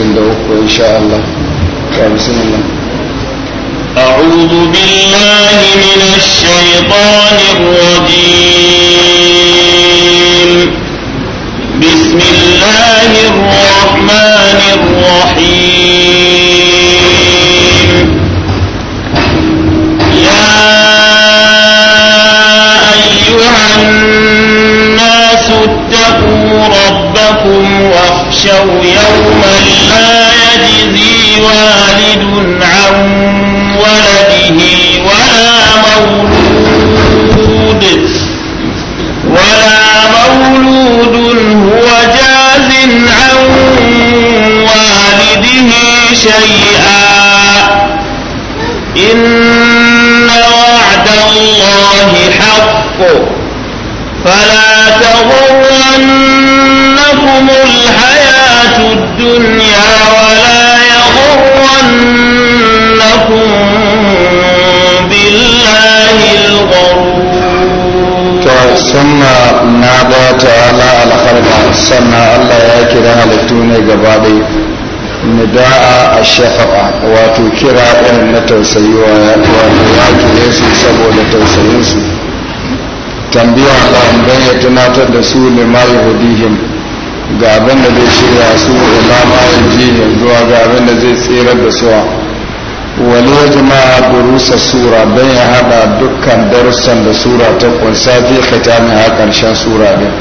talatin شاء الله insha الله أعوذ بالله من الشيطان الرجيم بسم الله الرحمن الرحيم يا أيها الناس اتقوا ربكم واخشوا يوما والد عن ولده ولا مولود ولا مولود هو جاز عن والده شيئا إن وعد الله حق فلا تغرنكم الحياة الدنيا summa na ba ta ala sannan allah ya kira halittu ne gaba ɗai nida'a a shafa'a wato kira irin na tausayi wa ya kire su saboda tausayinsu tambiya lahun don ya tunatar da su lima yahudihim ga abin da zai shirya su ilama yajihim zuwa ga abin da zai tsirar da suwa wale jama'a durusa sura don ya haɗa dukkan darusan da sura ta kunsa fi khitami a sura din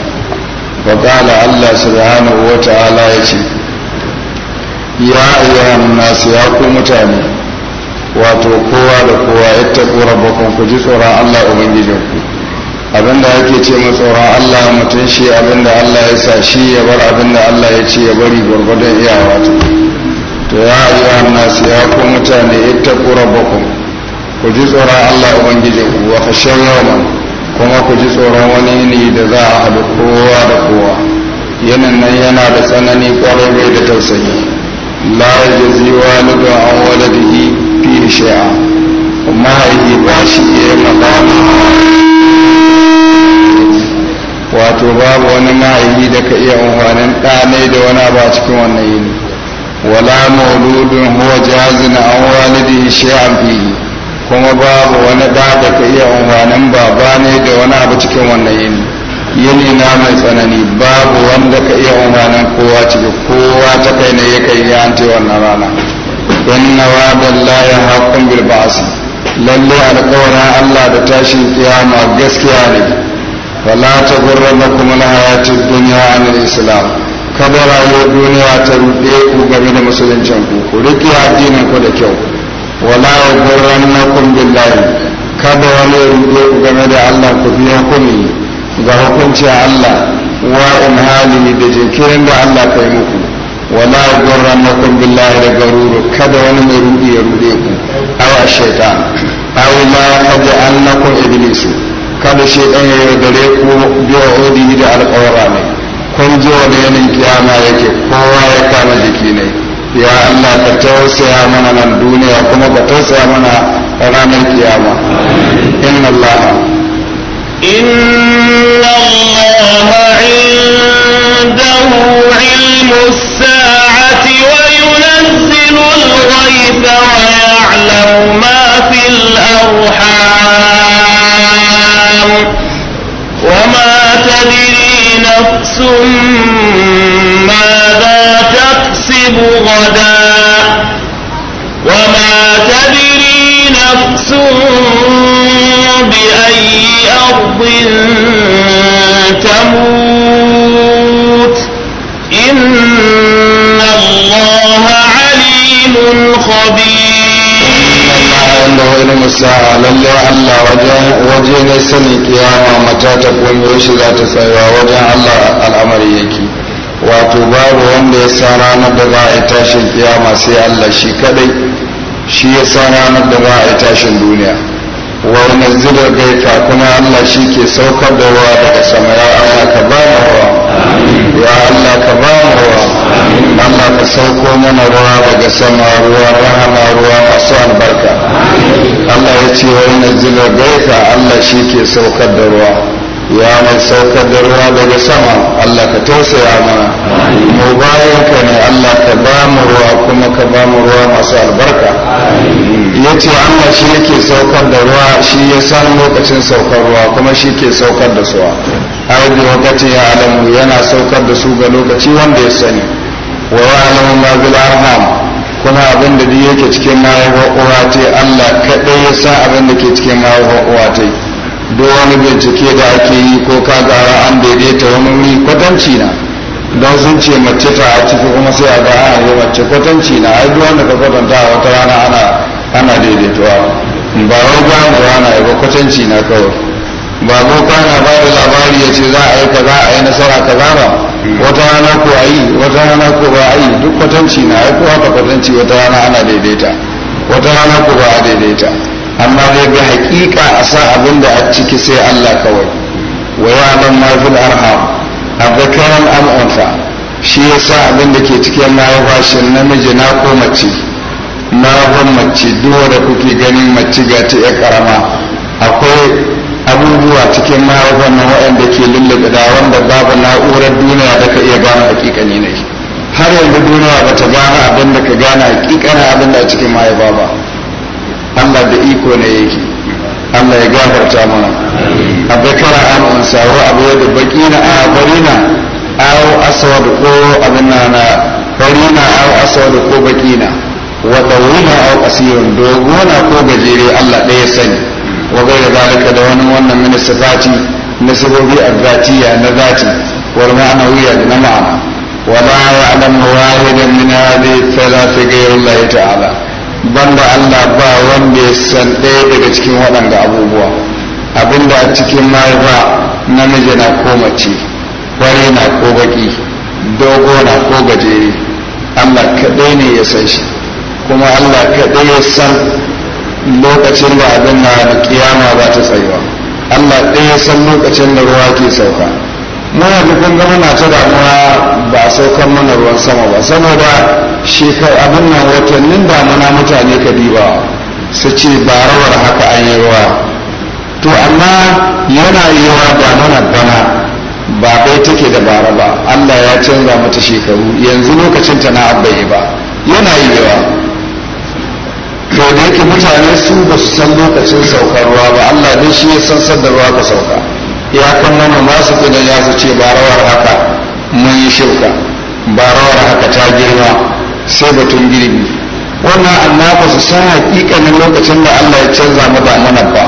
wa qala Allah subhanahu wa ta'ala yace ya ayyuhan nas ya ku mutane wato kowa da kowa yattaqu rabbakum ku ji tsoron Allah ubangijinku abinda yake ce mu tsoron Allah mutum shi abinda Allah ya sa shi ya bar abinda Allah ya ce ya bari gurgurdan iyawa ya ayyuha nasu ya ku mutane ittaqu rabbakum ku ji tsoron Allah ubangiji ku wa khashaw yawman kuma ku ji tsoron wani ne da za a haɗu kowa da kowa yanin nan yana da tsanani kwarai bai da tausayi la yajzi walidu an waladihi fi shay'a mahaifi ba shi ya magana wato babu wani mahaifi da ka iya amfanin ɗanai da wani ba cikin wannan yini wala mauludun huwa jazin an walidi shay'an fihi kuma babu wani da ka iya unwanin baba ne da wani abu cikin wannan yini yini na mai tsanani babu wanda ka iya unwanin kowa ciki kowa ta kai ne ya kai ya ante wannan rana inna wa'dallahi haqqun bil ba'si lalle alƙawarin Allah da tashi kiyama gaskiya ne wala taghurrannakum al-hayatid dunya anil islam kada rayuwar duniya ta rufe ku game da musuluncin ku ku rike addinin ku da kyau wala kun billahi kada wani rufe ku game da Allah ku biya hukumi ga hukunci Allah wa in halihi da jinkirin da Allah yi muku wala kun billahi da garuru kada wani mai rufe ya rufe ku awa shaytan awa ma yaj'alnakum iblisu kada shaytan ya gare ku biya odi da alƙawara kun ji wani yanin kiyama yake kowa ya kama jiki ne ya Allah ka tausaya mana nan duniya kuma ka tausaya mana ranar kiyama inna Allah inna Allah عنده علم الساعة وينزل الغيث ويعلم ما في الأرحام وما تدري نفس ماذا تكسب غدا وما تدري نفس بأي أرض تموت ilmu sa'a lalle Allah waje ne sani kiyama mata ta koyo shi za ta tsaya wajen Allah al'amari yake wato babu wanda ya sa ranar da za a yi tashin kiyama sai Allah shi kadai shi ya sa ranar da za a yi tashin duniya wa nazzila gaita kuma Allah shi ke saukar da ruwa daga sama ya ka ba ruwa ya Allah ka ba mu ruwa Allah ka sauko mana ruwa daga sama ruwa, rahama ruwa masu albarka Allah ya ce wani nazilar gaita Allah shi ke saukar da ruwa ya mai saukar da ruwa daga sama Allah ka tausaya mana mu bayan ka ne Allah ka ba mu ruwa kuma ka ba mu ruwa masu albarka ya ce Allah shi yake saukar da ruwa shi ya san lokacin saukar ruwa kuma shi ke saukar da suwa arji wakati ya alamu yana saukar da su ga lokaci wanda ya sani wa alamu ma bil arham kuma abin da yake cikin mahaifar uwa ce Allah kaɗai ya sa abin da ke cikin mahaifar uwa ce wani bincike da ake yi ko ka gara an daidaita wani wuri kwatanci na don sun ce mace ta a ciki kuma sai a ga ana yi mace kwatanci na ai wanda ka kwatanta wata rana ana ana daidaituwa ba wai ba ana yi ba kwatanci na kawai ba zo kana ba da labari ya ce za a yi kaza a yi nasara kaza ba wata rana ko a yi wata rana ko ba a yi duk kwatanci na ya ko haka kwatanci wata rana ana daidaita wata rana ko ba a daidaita amma dai bi hakika a sa abin da a ciki sai Allah kawai wa ya'lam ma fil arham abdakaran al unsa shi yasa abin da ke cikin mahaifa shi namiji na ko mace mahaifan mace duwa da kuke ganin mace ga ta ya karama akwai abubuwa cikin ma'aikatan na waɗanda ke lullube da wanda babu na'urar duniya da ka iya gane hakikani ne har yanzu duniya ba ta gane abin da ka gane hakikanin abin da a cikin ma'aiba ba allah da iko ne yake allah ya gafarta mana abdakara an unsa wa abu yadda baki na a barina asawa da ko abin na na barina asawa da ko baki na wa dawina asirin qasirun wuna ko gajere allah ɗaya sani wa gaira zalika da wani wannan min sifati na sibobi azzatiya na zati wal ma'nawiyya na ma'ana wala ya'lamu wahidan min hadhihi thalath ghayra Allah ta'ala banda Allah ba wanda ya san ɗaya daga cikin waɗanda abubuwa abinda a cikin mahaifa namiji na ko mace fare na ko baki dogo na ko gajere Allah kaɗai ne ya san shi kuma Allah kaɗai ya san lokacin da abin na kiyama za ta tsayuwa Allah ɗaya san lokacin da ruwa ke sauka muna dukkan ga muna ta damuwa ba a saukan mana ruwan sama ba saboda shekaru abin nan watannin damuna mutane ka diba su ce ba haka an yi ruwa to amma yana yiwa damuna bana ba bai take da bara ba Allah ya canza mata shekaru yanzu lokacinta na abbai ba yana yiwa to da yake mutane su ba su san lokacin saukar ruwa ba Allah ne shi ya san sanda ruwa ka sauka ya kan mana masu kudin ya su ce ba rawar haka mun yi shirka ba rawar haka ta girma sai batun girbi wannan annaba su san hakikanin lokacin da Allah ya canza mu ba nan ba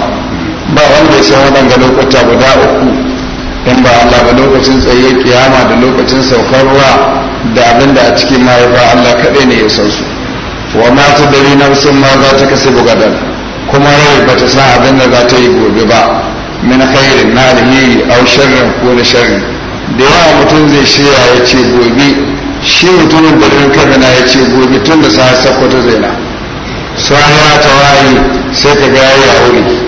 ba wanda ya san ga lokuta guda uku in ba Allah ba lokacin tsaye kiyama da lokacin saukar ruwa da abinda a cikin mahaifa Allah kaɗai ne ya san su wa mata ta dari nafsin ma za ta kasa bugadar kuma rai ba ta san abin da za ta yi gobe ba min khairin na alheri au sharrin ko na shirin. da yawa mutum zai shirya ya ce gobe shi mutumin da birnin na ya ce gobe tun da sa ta zai na ya ta waye sai ka ga ya wuri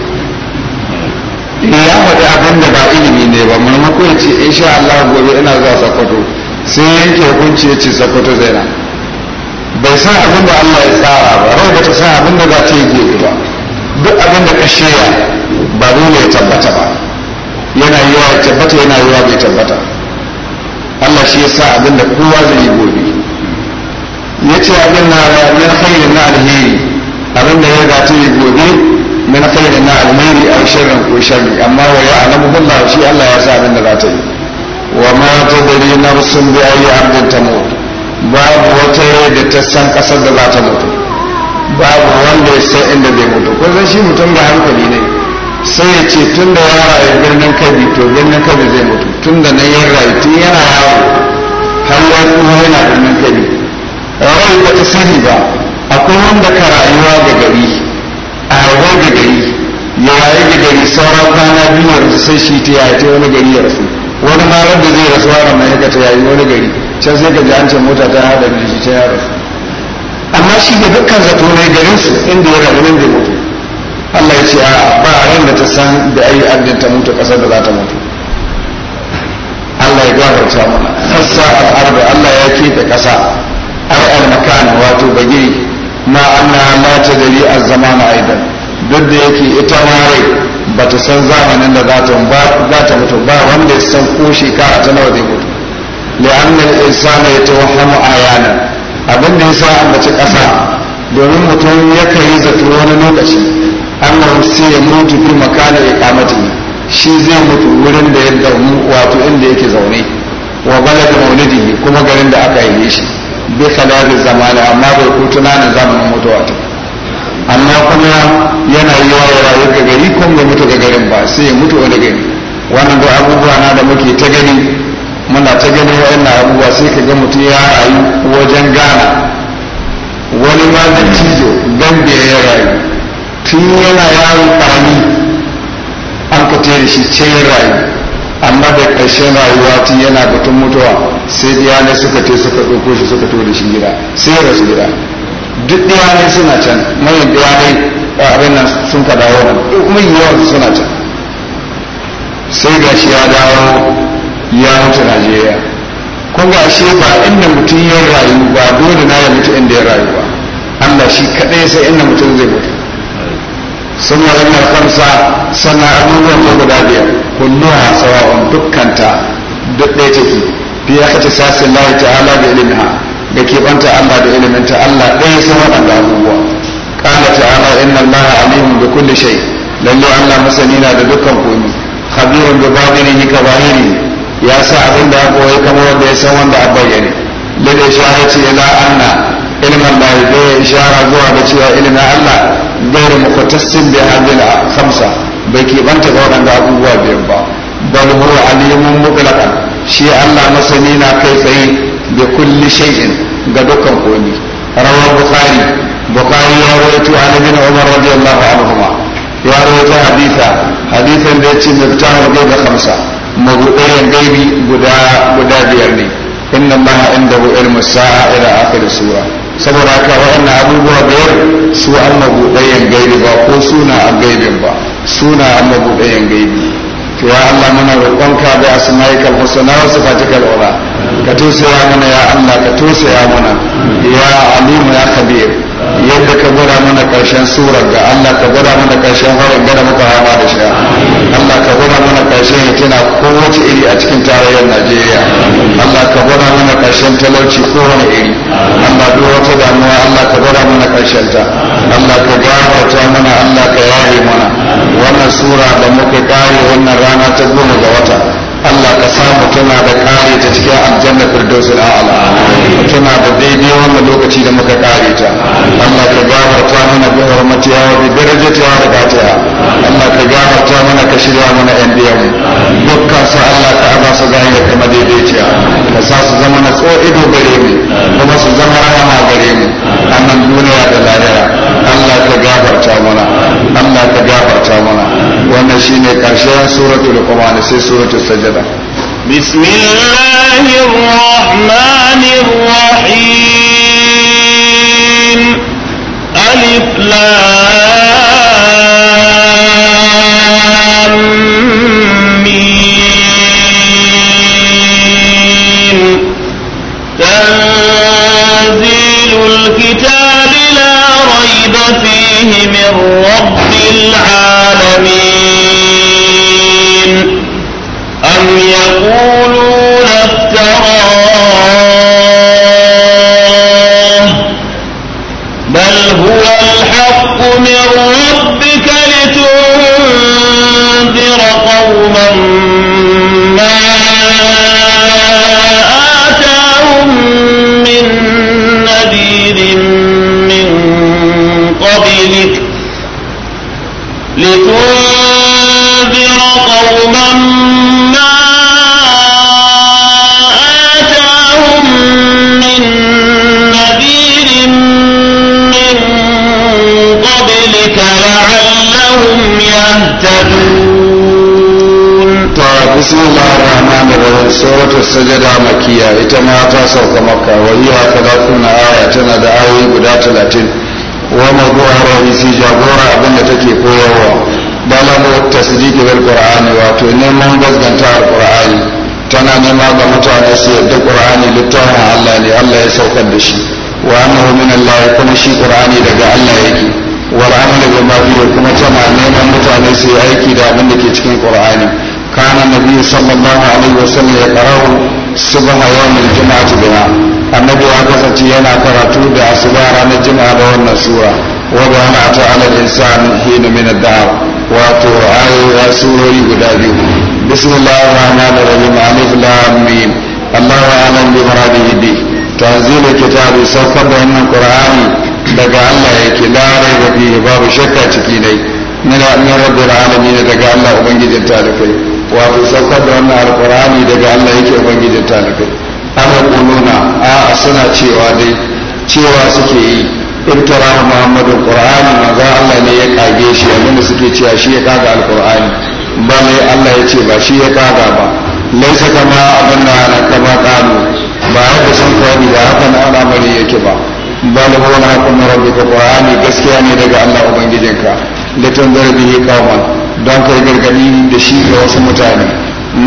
eh, ya faɗi abin da ba ilimi ne ba maimako ya ce insha Allah gobe ina zuwa sakkwato sai yanke hukunci ya ce zai na bai san abin da Allah ya tsara ba rai ba ta san abin da za ta yi gobe ba duk abin da ka shirya ba dole ya tabbata ba yana yi wa tabbata yana yi wa bai tabbata Allah shi ya sa abin da kowa zai yi gobe ya ce abin na min khairin na alheri abin da ya ga ta yi gobe min khairin na alheri a sharrin ko sharri amma wa ya alamu billah shi Allah ya sa abin da za ta yi wa ma tadri nafsun bi ayi abdin tamut babu wata rai da ta san kasar da za ta mutu babu wanda ya san inda zai mutu ko zai shi mutum da hankali ne sai ya ce tun da ya rayu birnin kabi to birnin kabi zai mutu tun da na yi rayu tun yana yawo har ya kuma yana birnin kabi rawar ba ta sani ba akwai wanda ka rayuwa da gari a hawa da gari ya rayu da gari sauran kwana biyu yanzu sai shi ta yaya ta wani gari ya rasu wani ma da zai rasu da mai ya yayi wani gari can sai ga jihancin an ce mota ta hada da shi ta yaro amma shi da dukkan zato ne garin su inda ya rabu nan da mutu Allah ya ce a ba ran da ta san da ai addin ta mutu ƙasar da za ta mutu Allah ya gafarta mana fassa al'arba Allah ya keɓe ƙasa ar al-makan wato bagiri ma anna ta dari az-zamana aidan duk da yake ita ma rai bata san zamanin da za ta mutu ba wanda ya san ko shekara ta nawa zai mutu لأن الإنسان يتوهم أحيانا abin da ya sa ambaci ƙasa domin mutum ya kai zato wani lokaci annan sai ya mutu fi makana ya kamata shi zai mutu wurin da ya damu wato inda yake zaune wa balad maulidi kuma garin da aka yi shi bi khalafi zamani amma bai ku tunanin zamanin mutuwa ta amma kuma yana yi wa ya rayu ga gari kuma bai mutu ga garin sai ya mutu wani gari wannan da abubuwa na da muke ta gani muna ta gani na abubuwa sai ka ga mutum ya rayu wajen gana wani ma da cizo gambiya ya rayu tun yana yaro ƙarami an ka da shi ce ya rayu amma da ƙarshen rayuwa tun yana batun mutuwa sai diyanai suka te suka ɗauko shi suka to da shi gida sai ya rasu gida duk diyanai suna can mayan diyanai abin nan sun ka dawo nan duk mai yawan suna can sai gashi ya dawo ya mutu najeriya kun ga shi ba inda mutum ya rayu ba dole na ya mutu inda ya rayu ba allah shi kaɗai sai inda mutum zai mutu sun waɗannan kamsa sannan abubuwan ko guda biyar kulluha sawa'un dukkanta duk ɗaya take biya kace sasin lahi ta'ala da ha. da keɓanta allah da ilimin ta allah ɗaya sun waɗanda abubuwa ƙala ta'ala inna allaha alimun bi kulli shay lalle allah masani na da dukkan komi khabirun bi ni ka ne ya sa abin da koyi kama wanda ya san wanda a bayyane lada ce ila anna ilimin lahi da ya ishara zuwa da cewa ilimin Allah gairi mukhtassin bi hadhihi khamsa bai banta ga waɗanda abubuwa biyan ba bal huwa alimun mutlaqan shi Allah masani na kai tsaye bi kulli shay'in ga dukkan komi rawar bukari bukari ya rawaito nabi na umar radiyallahu anhu ya rawaito haditha hadithan da yace miftahu da khamsa mabudayen gaibi guda guda biyar ne inna allaha indahu ilmu sa'a ila akhir sura saboda haka waɗannan abubuwa biyar su an mabudayen gaibi ba ko suna a gaibin ba suna an mabudayen gaibi to ya Allah muna ka da asma'ikal husna wa sifatikal ula ka ya mana ya Allah ka ya mana ya alimu ya kabir yadda ka gwada mana karshen sura ga Allah ka gwada mana karshen harin gada muka hama da shi Allah ka gwada mana karshen hitina kowace iri a cikin tarayyar Najeriya Allah ka gwada mana karshen talauci kowane iri Allah duk wata damuwa Allah ka gwada mana karshen ta Allah ka ta mana Allah ka yaye mana wannan sura da muka kare wannan rana ta goma ga wata Allah ka samu tuna da kare ta cikin aljanna firdausul a'la tuna da daidai wannan lokaci da muka kare ta Allah ka gafarta mana bi hurmatiha wa bi ta wa rakatiha Allah ka gafarta mana ka shirya mana yan biyan dukkan su Allah ka aba su ga da kuma daidaiciya ka sa su zama na ido gare mu kuma su zama rahama gare mu annan duniya da lahira Allah ka gafarta mana Allah ka ta mana wannan shine karshen suratul qamar sai suratul sajda كده بقى بسم الله الرحمن الرحيم ألف لام sallam ya qara'u subha yawm al-jum'ati bina annabi ya kasance yana karatu da asuba ranar jum'a da wannan sura wa bana'atu ta alal insan hina min ad-dahr wato ayoyi surori guda biyu bismillahir rahmanir rahim alif lam mim Allahu a'lam bi maradihi bi tanzilul kitabi saukar da wannan qur'ani daga Allah yake la raiba fihi babu shakka ciki dai min rabbil alamin daga Allah ubangijin talibai wato saukar da wannan alkur'ani daga Allah yake ubangijin talibai ana kununa a suna cewa dai cewa suke yi ibtara muhammadu qur'ani maza Allah ne ya kage shi abinda suke cewa shi ya kaga alkur'ani ba ne Allah ya ce ba shi ya kaga ba laisa kama abin da ana kama kanu ba haka sun kawai da hakan al'amari yake ba bal huwa hakum rabbika qur'ani gaskiya ne daga Allah ubangijinka da zarbi bihi qauman don kai gargadi da shi ga wasu mutane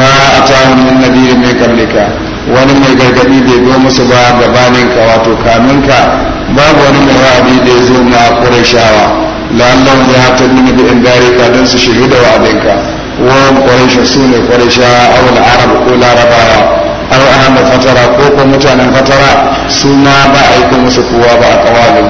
Na a tahun min nadiri mai kallika wani mai gargadi bai zo musu ba gabaninka wato kanunka babu wani mai ra'adi da ya zo na ƙurashawa lallan ya ta nuna bi ka don su shiru da wa'adinka wani ƙurashin su ne ƙurashawa wani arab ko larabawa aw ahmad fatara ko ko mutanen fatara suna ba a yi musu kowa ba a kawalin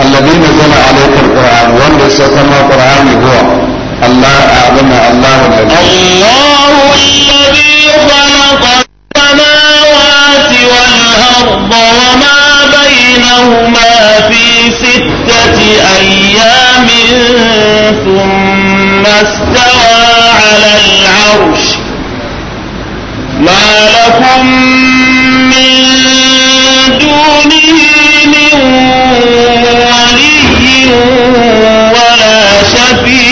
alladhi zama alaikar ƙura'an wanda ya sauka ma ne huwa الله أعظم الله الذي الله الذي خلق السماوات والأرض وما بينهما في ستة أيام ثم استوى على العرش ما لكم من دونه من ولي ولا شفيع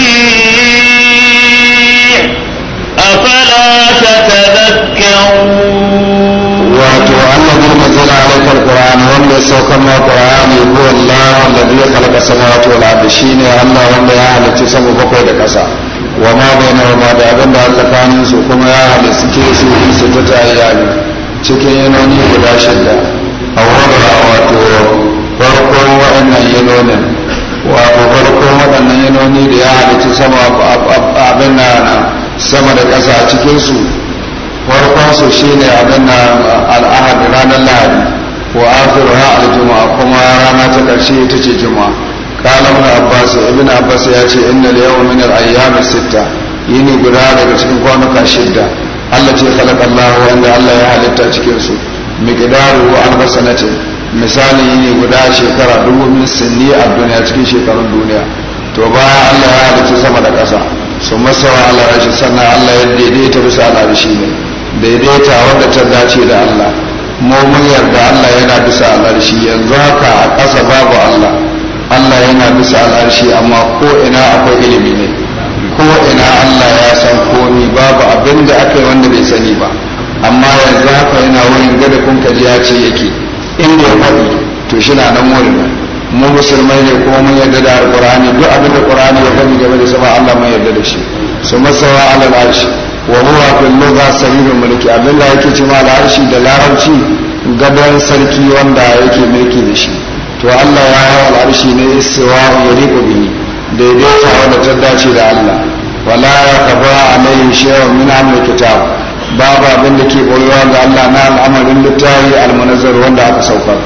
wanda ya saukan ma qur'ani huwa allah alladhi khalaqa wato wal shi shine allah wanda ya halicci sama bakwai da ƙasa wa ma ma da abin da tsakanin su kuma ya ke su yi su ta tayyani cikin yanoni guda shida awwala wato farkon waɗannan yanonin wato farkon waɗannan yanoni da ya halicci sama abin na sama da ƙasa cikin su farkon su shine abin na al'ahad ranar lahadi wa akhiruha al-jumu'a kuma rana ta karshe ita ce juma'a qala ibn abbas abbas ya ce innal yawma min al-ayyam sitta yini guda daga cikin kwanuka shidda Allah ce khalaqa Allah wanda Allah ya halitta cikin su miqdaru alfa sanati misali yini guda shekara dubu min sinni a duniya cikin shekarun duniya to bayan Allah ya halitta sama da ƙasa su masawa ala rashi sannan Allah ya daidaita bisa al'arshi ne daidaita wanda ta dace da Allah mu mun yarda Allah yana bisa al'arshi yanzu haka a ƙasa babu Allah Allah yana bisa al'arshi amma ko ina akwai ilimi ne ko ina Allah ya san komi babu abin da aka wanda bai sani ba amma yanzu haka yana wurin gada kun kaji ya ce yake inda ya faɗi to shi na nan wurin mu musulmai ne ko mun yarda da alƙur'ani duk abin da ƙur'ani ya faɗi game da sama Allah mun yarda da shi su masawa alal arshi wa huwa fil lugha sahibul mulki abinda yake cewa da harshe da larabci gadon sarki wanda yake mulki da shi to Allah ya yi al'arshi ne istiwa yariqu bihi daidaita wanda ta dace da Allah wala yaqba alayhi shay'un min amri kitab babu abin da ke boyewa ga Allah na al'amarin littafi almanazar wanda aka saukar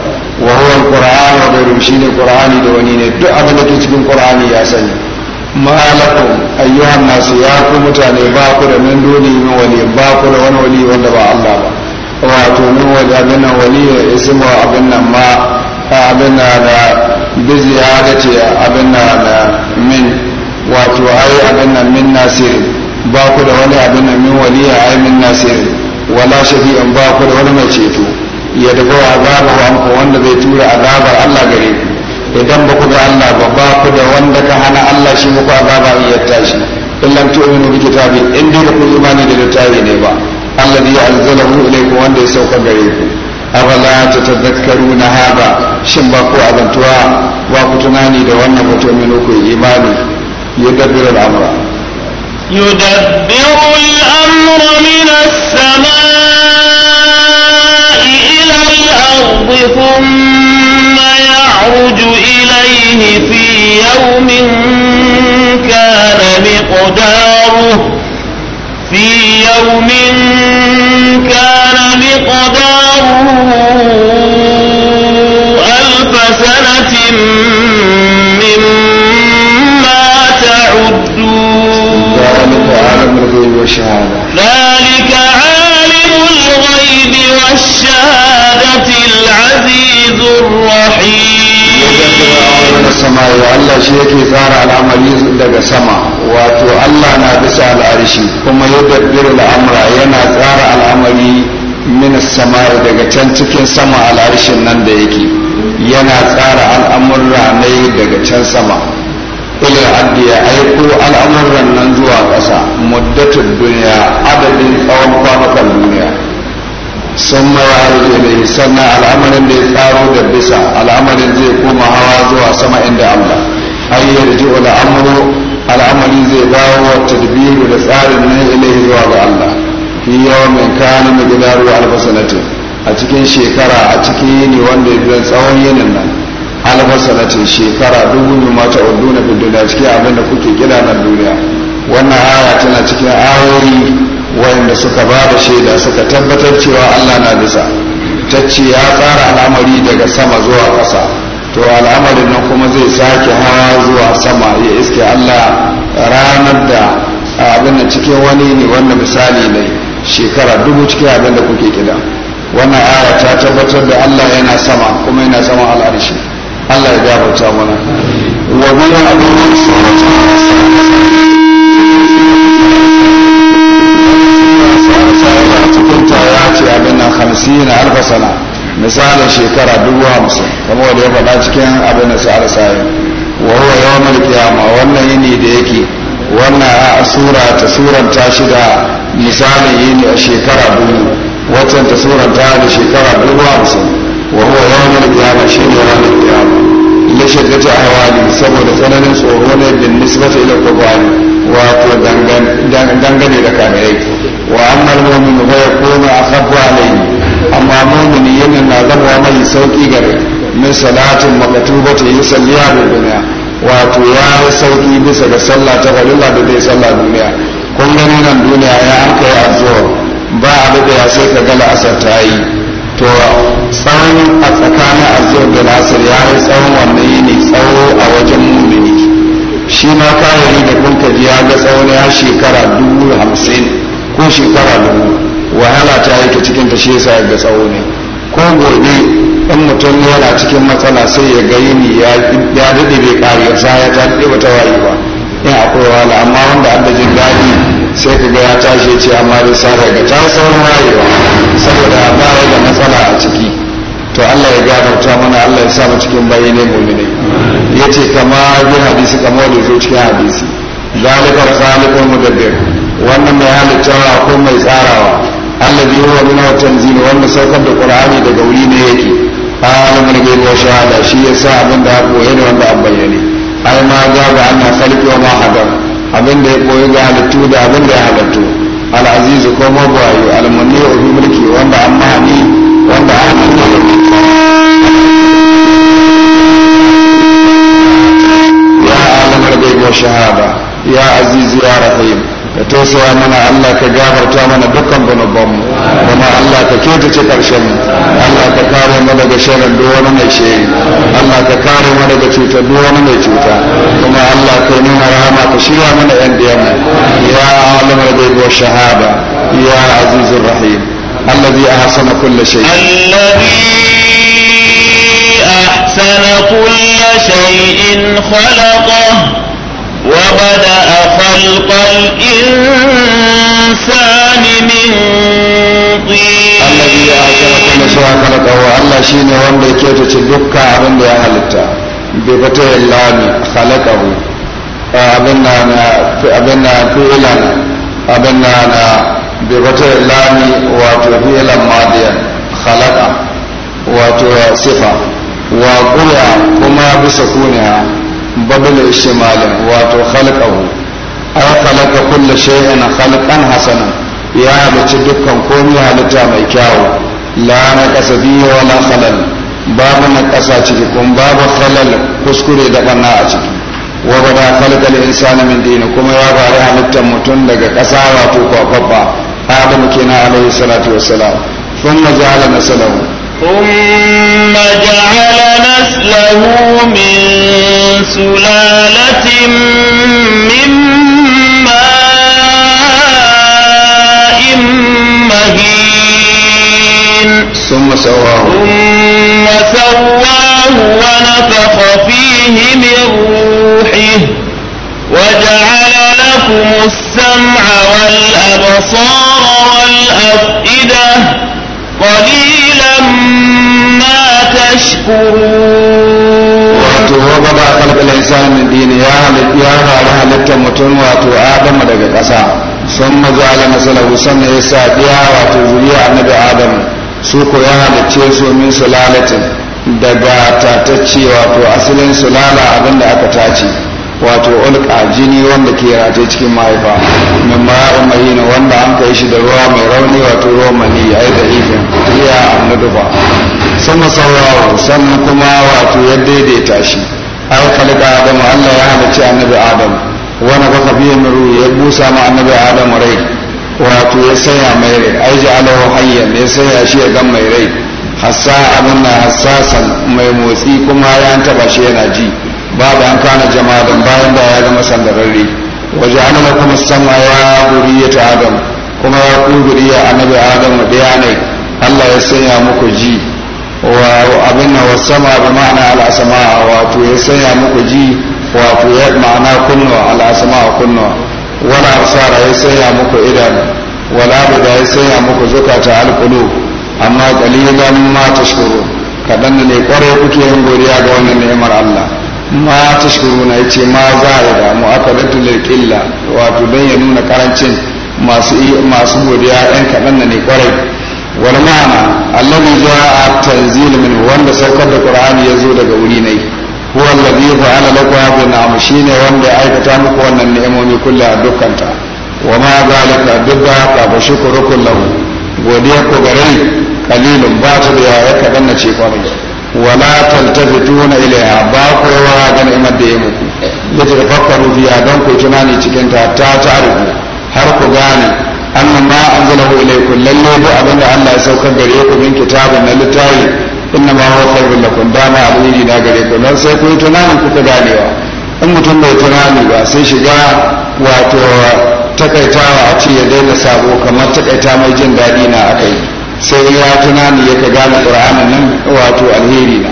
wa huwa al-qur'an wa shine qur'ani da wani ne duk abin da ke cikin qur'ani ya sani malakum ayyuhan nasu ya ku mutane ba ku da min duni min wali ba ku da wani wali wanda ba Allah ba wato min wali abin nan wali ya isimu abin nan ma abin nan da biziya da ce abin nan da min wato ai abin nan min nasirin ba ku da wani abin nan min wali ya ai min nasirin wala an ba ku da wani mai ceto ya dabawa azabar wanda zai tura azabar Allah gare ku idan ba ku ga Allah ba ba ku da wanda ka hana Allah shi muku azaba in yarda shi in lam tu'minu bi kitabi in dai ba ku imani da littafi ne ba alladhi anzalahu ilaykum wanda ya sauka gare ku afala tatadhakkaruna haba shin ba ku azantuwa ba ku tunani da wannan ku tu'minu ku imani yudabbiru al-amra yudabbiru al-amra min as-samaa'i ila al-ardi thumma يعرج إليه في يوم كان مقداره في يوم كان مقداره ألف سنة مما تعدون ذلك عالم الغيب والشهادة ذلك عالم والشهادة العزيز الرحيم Allah shi yake tsara al'amari daga sama wato Allah na bisa al'ashi kuma ya dabbir al'amura yana tsara al'amari min sama daga can cikin sama al'ashin nan da yake yana tsara al'amura ne daga can sama ila abdi ya aiko al'amuran nan zuwa ƙasa muddatul duniya adadin tsawon kwanakan duniya sun mawar ilimi sannan al'amarin da ya tsaro da bisa al'amarin zai koma hawa zuwa sama inda Allah ayyar ji al'amuru al'amari zai dawo wa tadbiru da tsarin nan ilahi zuwa ga Allah fi yawmin kana miqdaru alfasanatin a cikin shekara a cikin yini wanda ya biyan tsawon yinin nan alfasanatin shekara dubu ne mata uduna bidda cikin abin da kuke kira na duniya wannan haya tana cikin ayoyi wayanda suka ba da shaida suka tabbatar cewa Allah na bisa ta ce ya tsara al'amari daga sama zuwa ƙasa to al'amarin nan kuma zai sake hawa zuwa sama ya iske Allah ranar da abin da cikin wani ne wannan misali ne shekara dubu cikin abin da kuke kida wannan aya ta tabbatar da Allah yana sama kuma yana sama al'arshi Allah ya gafarta mana wa bi abin da cikin ta ya ce abin nan hamsin alfa sana misalin shekara dubu hamsin kamar wanda ya faɗa cikin abin da sa'ar sa'i wa huwa yawmul qiyama wannan yini da yake wannan sura ta suran ta shida misalin yini a shekara dubu wacce ta suran ta da shekara dubu hamsin wa huwa yawmul qiyama ne ranar qiyama ya ta hawali saboda tsananin tsoro ne bin nisbata ila qur'ani wato dangane da kamirai wa amma al-mu'minu fa yakunu akhafu alayhi amma mu'mini yana na zama mai sauki gare min salatin makatubati yusalliha bi dunya wato ya sauki bisa ga sallah ta farilla da zai sallah duniya kun gani nan duniya ya an kai zuwa ba a da ya sai ka gala asar ta yi to tsawon a tsakanin azzuwa da nasir ya yi tsawon wannan ne tsawo a wajen mu'mini shi ma kayari da kun ji ya ga tsawon ya shekara dubu hamsin ko shekara dubu wahala ta yake cikin ta shi yasa ga tsawo ne ko gobe in mutum yana cikin matsala sai ya ga yini ya daɗe bai ƙari sa ya taɗe ba ta wayi ba in akwai wahala amma wanda an da jin daɗi sai ka ga ya tashi ce amma da sa ga ta sauran wayewa saboda ba ya da matsala a ciki to Allah ya gafarta mana Allah ya sa mu cikin bayyane mu'mini yace kama bi hadisi kamar da zo cikin hadisi zalika rasalikul mudabbir wannan mai halittawa ko mai tsarawa allah wa huwa min tanzil wanda saukar da qur'ani daga wuri ne yake mun ga wa shahada shi yasa abin da aka koyi ne wanda an bayyane ai ma ga ba anna khalqi wa ma hada abin da ya koyi ga halittu da abin da ya halittu al-aziz ko mabwayi al-munni wa bi mulki wanda amma ni wanda an ya mun ga wa shahada ya aziz ya rahim توسوا منا الله كجابر تامنا دكان بنا بام بنا الله ككيد تكرشم الله ككاري منا دشان الدوان نيشي الله ككاري منا دشوتا دوان نيشوتا بنا الله كنينا راما تشيرا منا انديانا يا عالم رديب والشهابة يا عزيز الرحيم الذي أحسن كل شيء الذي أحسن كل شيء خلقه وبدأ خلق الإنسان من طين الذي أعطى كل سوى خلقه الله شيني وانده كيف تدكى عبنده حلقته بفتح اللام خلقه أبنا أبنا فعلا أبنا بفتح اللام وفعلا ماضيا خلقه وتوصفه وقرأ كما بسكونها badal ishmalin wato khalqahu an khalaqa kulla shay'in khalqan hasanan ya halicci dukkan komai halitta mai kyawu la na kasa biyu wala khalal babu na kasa ciki kun babu khalal kuskure da banna a ciki wa bada khalqal insana min dini kuma ya bari halittar mutum daga ƙasa wato kwakwabba adam kenan alaihi salatu wassalam thumma ja'ala nasalahu ثم جعل نسله من سلالة من ماء مهين ثم سواه ثم سواه ونفخ فيه من روحه وجعل لكم السمع والأبصار والأفئدة قليلا ما تشكرون wato hoga ba kalbal insan dini ya ya fara mutum wato Adama daga ƙasa sun majala masalahu sannan ya sa biya wato zuriya annabi adamu su ko ya halicce su min sulalatin daga tatacce wato asalin sulala da aka tace wato ulka jini wanda ke rataye cikin mahaifa min ma'a'in mahina wanda an kai shi da ruwa mai rauni wato ruwan mani da yi da'ifin iya annadufa sama sauraro sannan kuma wato ya daidaita shi har kalika adamu allah ya halarci annabi adam wani baka biya min ruhu ya busa ma annabi adam rai wato ya saya mai rai ai ji alahu hayyan ya saya shi ya gan mai rai hassa abin na hassasan mai motsi kuma ya taba shi yana ji babu an jama'a jama'an bayan baya zama sandararre waje an da kuma sama ya guriya ta adam kuma ya ku guriya annabi adam da ne Allah ya sanya muku ji wa abin na wasama bi ma'ana al'asama wato ya sanya muku ji wato ya ma'ana kunnuwa al'asama kunnuwa wala absara ya sanya muku idanu wala bida ya sanya muku zukata alqulu amma qalilan ma tashkurun kadan ne kware kuke yin godiya ga wannan ni'imar Allah ma ta shuru na yace ma za ya mu aka dattu da killa wato don ya nuna karancin masu masu godiya ɗan kaɗan na ne kwarai wani ma'ana allabi zuwa a tanzil min wanda saukar da qur'ani ya zo daga wuri ne huwa allazi fa'ala lakum bi na'am shine wanda ya aikata muku wannan ni'imomi kulla a dukkanta wa ma zalika duk da haka ba shukuru kullahu godiya ku gare kalilun ba ta da ya kaɗan na ce kwarai wala taltafituna ilaiha ba ku yawa ga ni'imar da ya muku ya tafakkaru biya don ku tunani cikin ta ta tarihu har ku gane annan ma anzalahu ilaikum lalle bu abinda Allah ya saukar gare ku min kitabun na littafi inna ma huwa khairul lakum dama alheri na gare ku dan sai ku yi kuka ganewa in mutum bai tunani ba sai shiga wato takaitawa a ce ya daina sabo kamar takaita mai jin daɗi na aka yi sai ya tunani ya ka gane ƙur'anin nan wato alheri na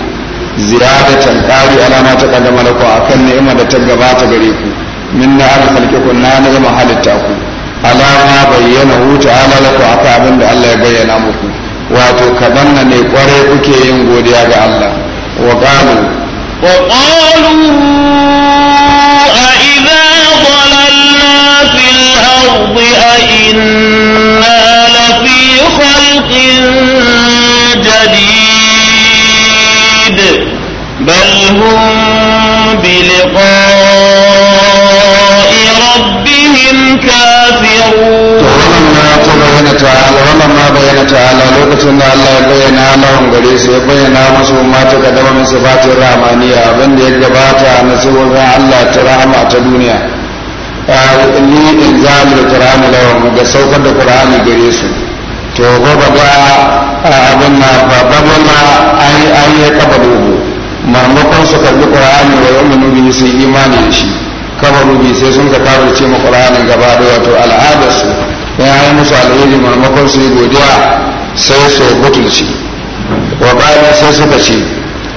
ziyadatan qari alama ta kaddama lako akan ni'ima da ta gabata gare ku min na ala ku na zama halitta ku alama bayyana hu ta'ala lako aka abin da Allah ya bayyana muku wato kadan ne kware kuke yin godiya ga Allah wa qalu وقالوا أئذا ضللنا في الأرض أئنا لفي خلق جديد بل هم بلقاء ربهم كافرون ولما بين تعالى lokacin Allah ya bayyana lahun gare su ya bayyana musu ma ta kadama min sifatin rahmaniya abin da ya gabata na ran Allah ta rahama ta duniya ni in zalil qur'ani mu da saukar da qur'ani gare su to ba ba abin na ba ba ma ai ai ya kabalu maimakon su karbi qur'ani wa yu'minu bihi su imani shi kabalu bi sai sun ka ce mu qur'ani gaba da wato al'adarsu ya yi musu alheri maimakon su godiya sai su mutunci wa bayan sai suka ce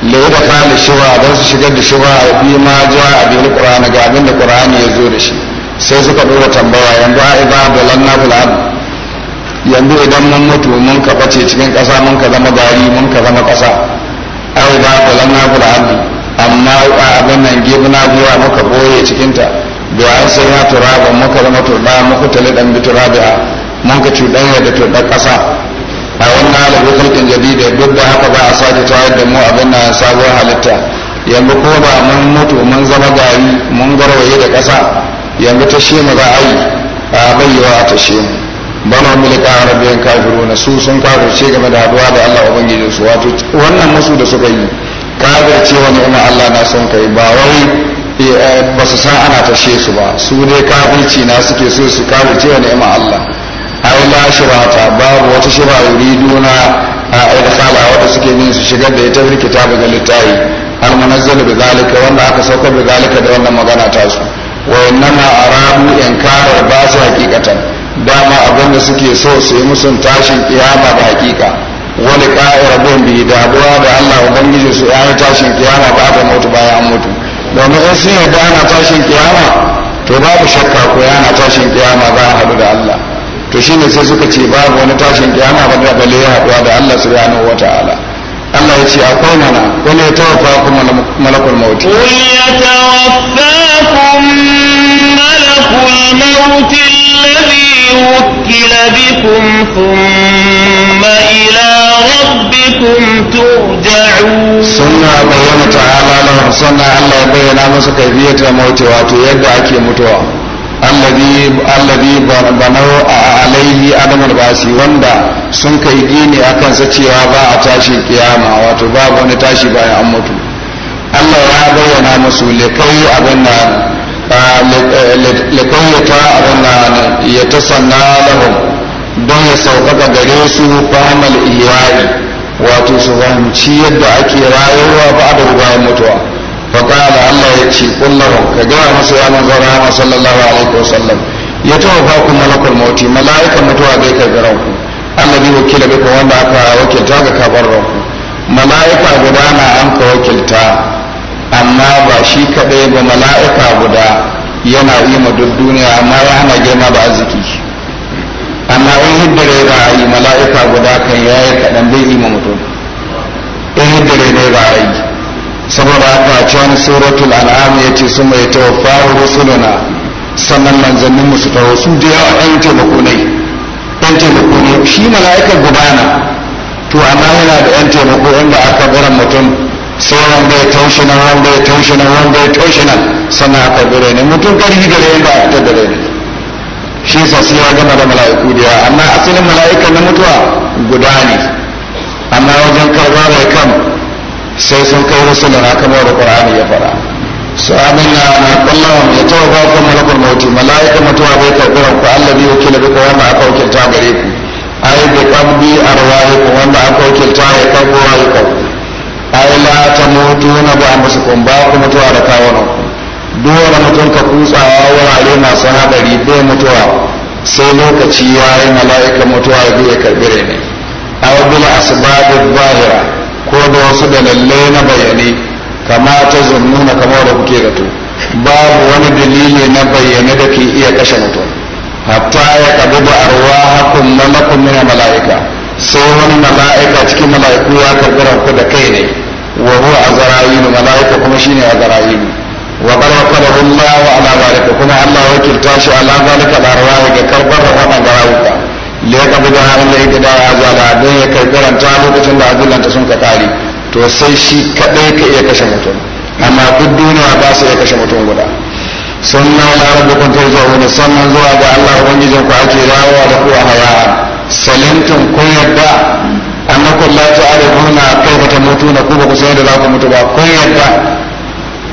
lai da fali shiwa don su shigar da shiwa a bi ma jiwa a bi ƙur'ani ga abin da ƙur'ani ya zo da shi sai suka ɗora tambawa yanzu a iba da lanna fulani yanzu idan mun mutu mun ka ce cikin ƙasa mun ka zama gari mun ka zama ƙasa a iba da lanna fulani amma a abin nan na biyuwa muka boye cikinta da an sai ya turaba muka zama turba muka tale ɗan bi turabi'a mun ka cuɗanya da turɓar ƙasa a wannan halabi kulkin jadida duk da haka ba a sake tawar da mu abin na sabuwar halitta yanzu ko ba mun mutu mun zama gari mun garwaye da ƙasa yanzu ta shi mu za a yi a bayyawa ta shi mu bana rabin kafiru na su sun ce game da haduwa da Allah ubangiji su wato wannan musu da suka yi ce wani ina Allah na son kai ba wai e, ba su san ana tashe su ba su ne kafirci na suke so su ce wani ina Allah ai la shirata babu wata shira yuriduna a idkhala wanda suke yin su shigar da ita fil kitabi ga littafi al munazzal bi zalika wanda aka saukar bi zalika da wannan magana ta su wa innama arabu inkara ba su hakikatan dama abinda suke so su yi musun tashin kiyama da hakika wani ka'i rabon bi dabuwa da Allah ubangiji su yayi tashin kiyama ba ta mutu bayan an mutu domin in sun yarda ana tashin kiyama to babu shakka ko yana tashin kiyama za a haɗu da Allah to shine sai suka ce babu wani tashin kiyama ba da bale haɗuwa da Allah subhanahu wataala Allah ya ce akwai mana wani ya tawafa kuma malakul mauti qul yatawaffakum malakul alladhi bikum thumma ila rabbikum turja'un sunna bayyana ta'ala lahum sunna Allah ya bayyana musu ta mauti wato yadda ake mutuwa alladhi alladhi banau alaihi adam albashi wanda sun kai gini akan sa cewa ba a tashi kiyama wato babu wani tashi bayan an mutu Allah ya bayyana musu likai abin da likayyata abin na ya tasanna lahum don ya sauƙaƙa gare su fahimal iyayi wato su fahimci yadda ake rayuwa ba da bayan mutuwa faƙala Allah ya ce kullahu ka gaya masa ya manzo rahama sallallahu alaihi wasallam ya tawafa ku malakul mauti mala'ikan mutuwa bai kai garan ku annabi wakila bai wanda aka wakilta ga kabar ranku mala'ika guda na an wakilta amma ba shi kaɗai ba mala'ika guda yana yi ma duk duniya amma ya hana girma ba arziki amma in hiddare ba a yi mala'ika guda kan yayi kaɗan bai yi ma mutum in hiddare ne ba a yi saboda haka can suratul al'am ya ce sun mai tawaffa rusuluna sannan manzannin musu tawo su da yawa ɗan taimako ne ɗan taimako ne shi mala'ikar gudana to amma yana da ɗan taimako inda aka barin mutum sai wanda ya taushe nan wanda ya taushe nan wanda ya taushe nan sannan aka bire ne mutum ƙarfi gare yin ba ta gare ne shi sa sai ya gama da mala'iku da yawa amma asalin mala'ikar na mutuwa guda ne manzanni sun kai rusulana kamar da qur'ani ya fara su amina na kullum ya tawa ba ku malakul mauti malaika mutuwa bai karɓi ku allabi wakila bi ko wanda aka wakilta gare ku ai bi qabdi arwahiku wanda aka wakilta ya karɓo rayukan ai la na ba musukum ba ku mutuwa da kawunan dole mutum ka kutsawa wurare masu hadari bai mutuwa sai lokaci ya yi mala'ikan mutuwa ya karɓi rai ne a wabil asbabul bahira ko da wasu dalilai na bayani kama ta zunnuna kamar da kuke to babu wani dalili na bayyane da ke iya kashe mutum hatta ya kabu da arwa hakun malakun mina mala'ika sai wani mala'ika cikin mala'iku ya karbi ranku da kai ne wa huwa azra'ilu mala'ika kuma shine azra'ilu wa qad waqala Allahu ala zalika kuma Allah wakilta shi ala zalika da arwahi ga karbar wannan garawuka da ya kafa da hannun da ya gida ya zala don ya lokacin da ta sun ka kare to sai shi kadai ka iya kashe mutum amma duk duniya ba su iya kashe mutum guda sannan na rabu kun ta zuwa wani sannan zuwa ga Allah ubangijin ku ake dawowa da kuwa haya salintin kun yadda annakum la a kayfa mutu na kuma ku san da za ku mutu ba kun yadda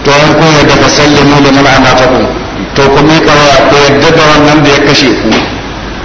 to an kun yadda ka sallimu liman amatakum to kuma ka ko yadda da wannan da ya kashe ku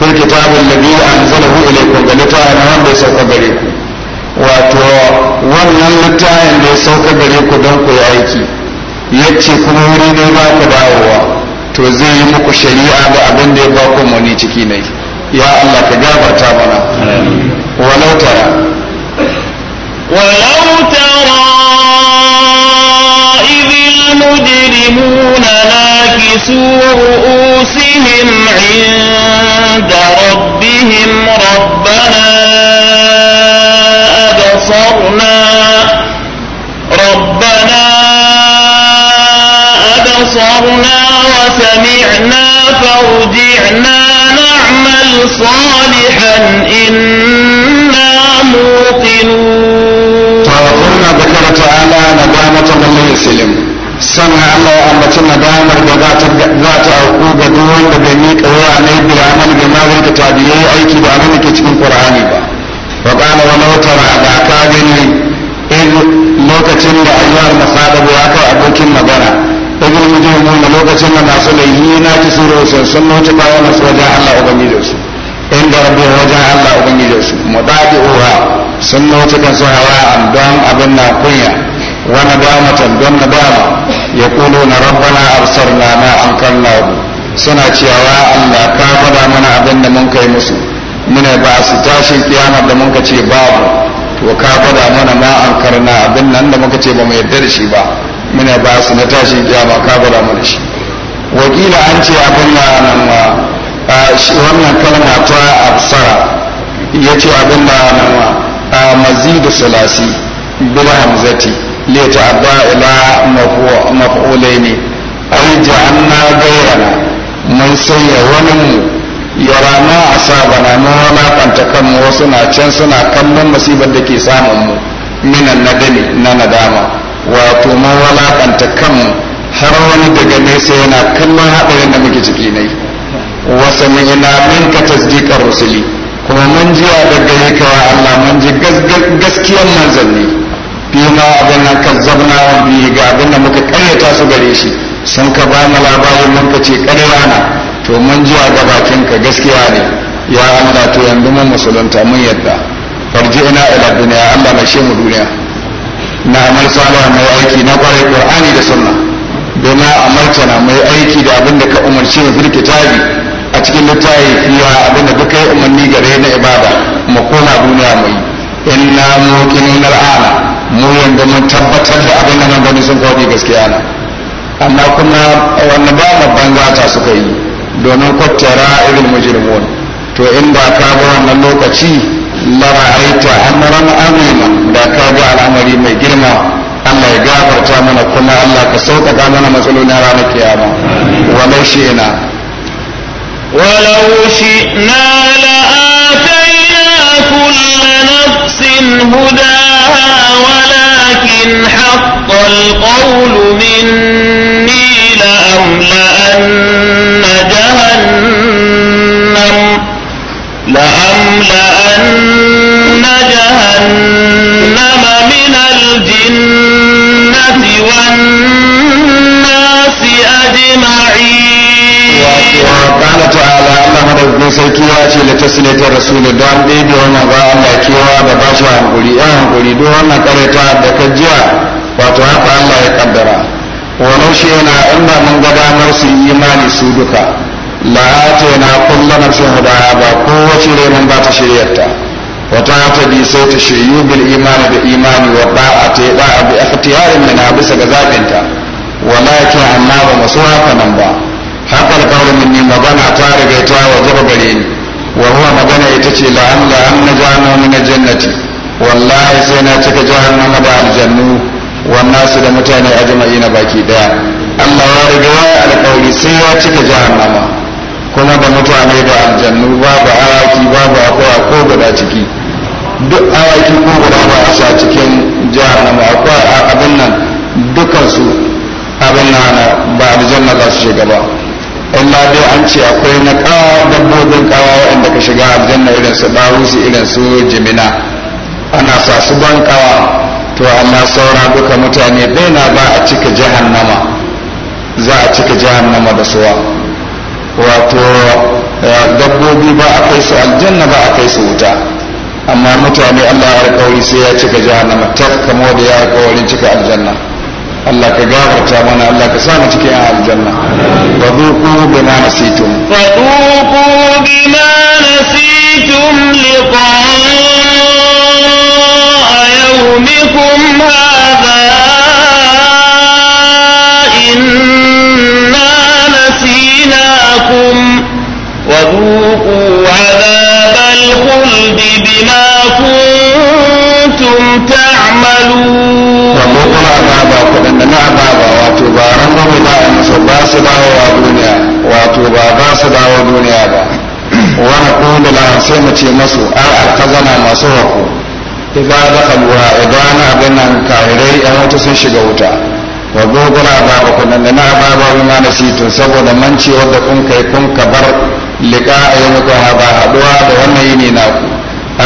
fil kitabin ladhi anzalahu ilaykum da littafin wanda ya sauka gare ku wato wannan littafin da ya sauka gare ku don ku yi aiki yace kuma wuri ne ba ka dawowa to zai yi muku shari'a da abin da ya ba ku muni ciki ne ya Allah ka gafarta mana walau tara المجرمون ناكسوا رؤوسهم عند ربهم ربنا أبصرنا ربنا أبصرنا وسمعنا فارجعنا نعمل صالحا إنا موقنون فقلنا ذكر تعالى ندامة من يسلم sannan Allah ya ambaci nadamar da za ta auku ga duk wanda bai miƙa wuya ne bil amal bi ma zai ta biye aiki da abin da ke cikin Qur'ani ba wa qala wa law tara da ka gani in lokacin da ayyuhal masadabu ba kai abokin magana ibn mujahid lokacin da masu laihi na ci suru sun mutu bayan masu waje Allah da ubangijinsu inda rabbi wajen Allah da su ubangijinsu uwa sun mutu kan su hawa an don abin na kunya wani ta don nadama ya yaquluna rabbana absarna ma ankarna suna cewa Allah ka faɗa mana abin da mun kai musu muna ba su tashin kiyama da mun ce babu to ka faɗa mana na ma ankarna abin nan da muka ce ba mu yarda da shi ba muna ba su na tashin kiyama ka faɗa mana shi wakila an ce abin nan wa shi wannan kalma ta absara ya ce abin da nan wa mazidu salasi bil hamzati li ta'adda ila maf'ulaini an na ghayrana mun sanya wani mu yara ma asabana mun walakanta kanmu wasu na can suna kallon masibar da ke samun mu minan na nadama wato mun walakanta kanmu har wani daga nesa yana kallon haɗarin da muke ciki ne wasu mun ina minka tasdiqar rusuli kuma mun ji daga yake Allah mun ji gaskiyar manzanni bima abin nan ka zabna bi ga abin da muka karyata su gare shi sun ka ba mu labarin mun ka ce karya na to mun zuwa ga bakin ka gaskiya ne ya Allah to yanzu mun musulunta mun yadda ina ila duniya Allah mai shemu duniya na amal salih mai aiki na kwarai qur'ani da sunna bima na mai aiki da abin da ka umarci mu fil kitabi a cikin littafi fiya abin da duka umarni gare na ibada mu koma duniya mu yi inna muqinun mu yanzu mun tabbatar da abin da nan gani sun kawo gaskiya na amma kuma wannan ba mu banza ta suka yi domin kwatara irin mujrimun to in ba ka ga wannan lokaci la ra'aita amran amina da ka ga al'amari mai girma Allah ya gafarta mana kuma Allah ka sauƙaƙa mana matsalolin ranar kiyama wa laushe na ولو شئنا لآتينا كل نفس هداها ولكن حق القول مني لأملأن جهنم لأملأن جهنم من الجنة والناس أجمعين ta'ala Allah madaukakin sarki ya ce la tasliyatar rasulu don ɗebe wannan ba Allah kewa da ba shi hankuri ya hankuri don wannan ta da kajiya wato haka Allah ya kaddara wani shi yana in ba mun su yi imani su duka la ta na kullu nafsin hudaya ba kowace rai mun ba ta shiryarta wata ta bi sai ta shiryu bil imani da imani wa ba'a ta yi ba'a bi ikhtiyari na bisa ga zabinta walakin amma ba masu haka nan ba haka alƙawar minni magana ta rigaita wa zurbare ni wa magana ita ce la'alla an na jano na jannati wallahi sai na cika jahannama da aljannu wannan su da mutane ajma'i na baki daya Allah ya riga ya alƙawari sai ya cika jahannama kuma da mutane da aljannu babu awaki babu akwai ko guda ciki duk awaki ko guda ba a sa cikin jahannama akwai abin nan dukansu abin nan ba aljanna za su shiga ba illa dai an ce akwai na kawa dabbobin kawa waɗanda ka shiga aljanna irin su ɗarusi irin su jimina ana sa su ban kawa to amma saura duka mutane na ba a cika jahannama za a cika jahannama da suwa wato eh, dabbobi ba a kai su aljanna ba a kai su wuta amma mutane allah ya alkawari sai ya cika jahannama tak kamar da ya alkawarin cika aljanna Allah ka gafarta mana Allah ka sa mu cikin aljanna fa duku bima nasitum fa duku bima nasitum liqa yawmikum hadha inna nasinakum wa duku عذاب الخلد بما كنتم تعملون waɗanda na azaba wato ba ran ba a musu ba su dawo wa duniya wato ba ba su dawo duniya ba wani kuma da sai mu ce masu ar alkazana masu hako idan da kalwa idan abin nan kahirai yan wata sun shiga wuta wa gogora ba ba kun da na azaba bi ma saboda manci wadda kun kai kun ka bar liqa ayyuka ba haduwa da wannan yini a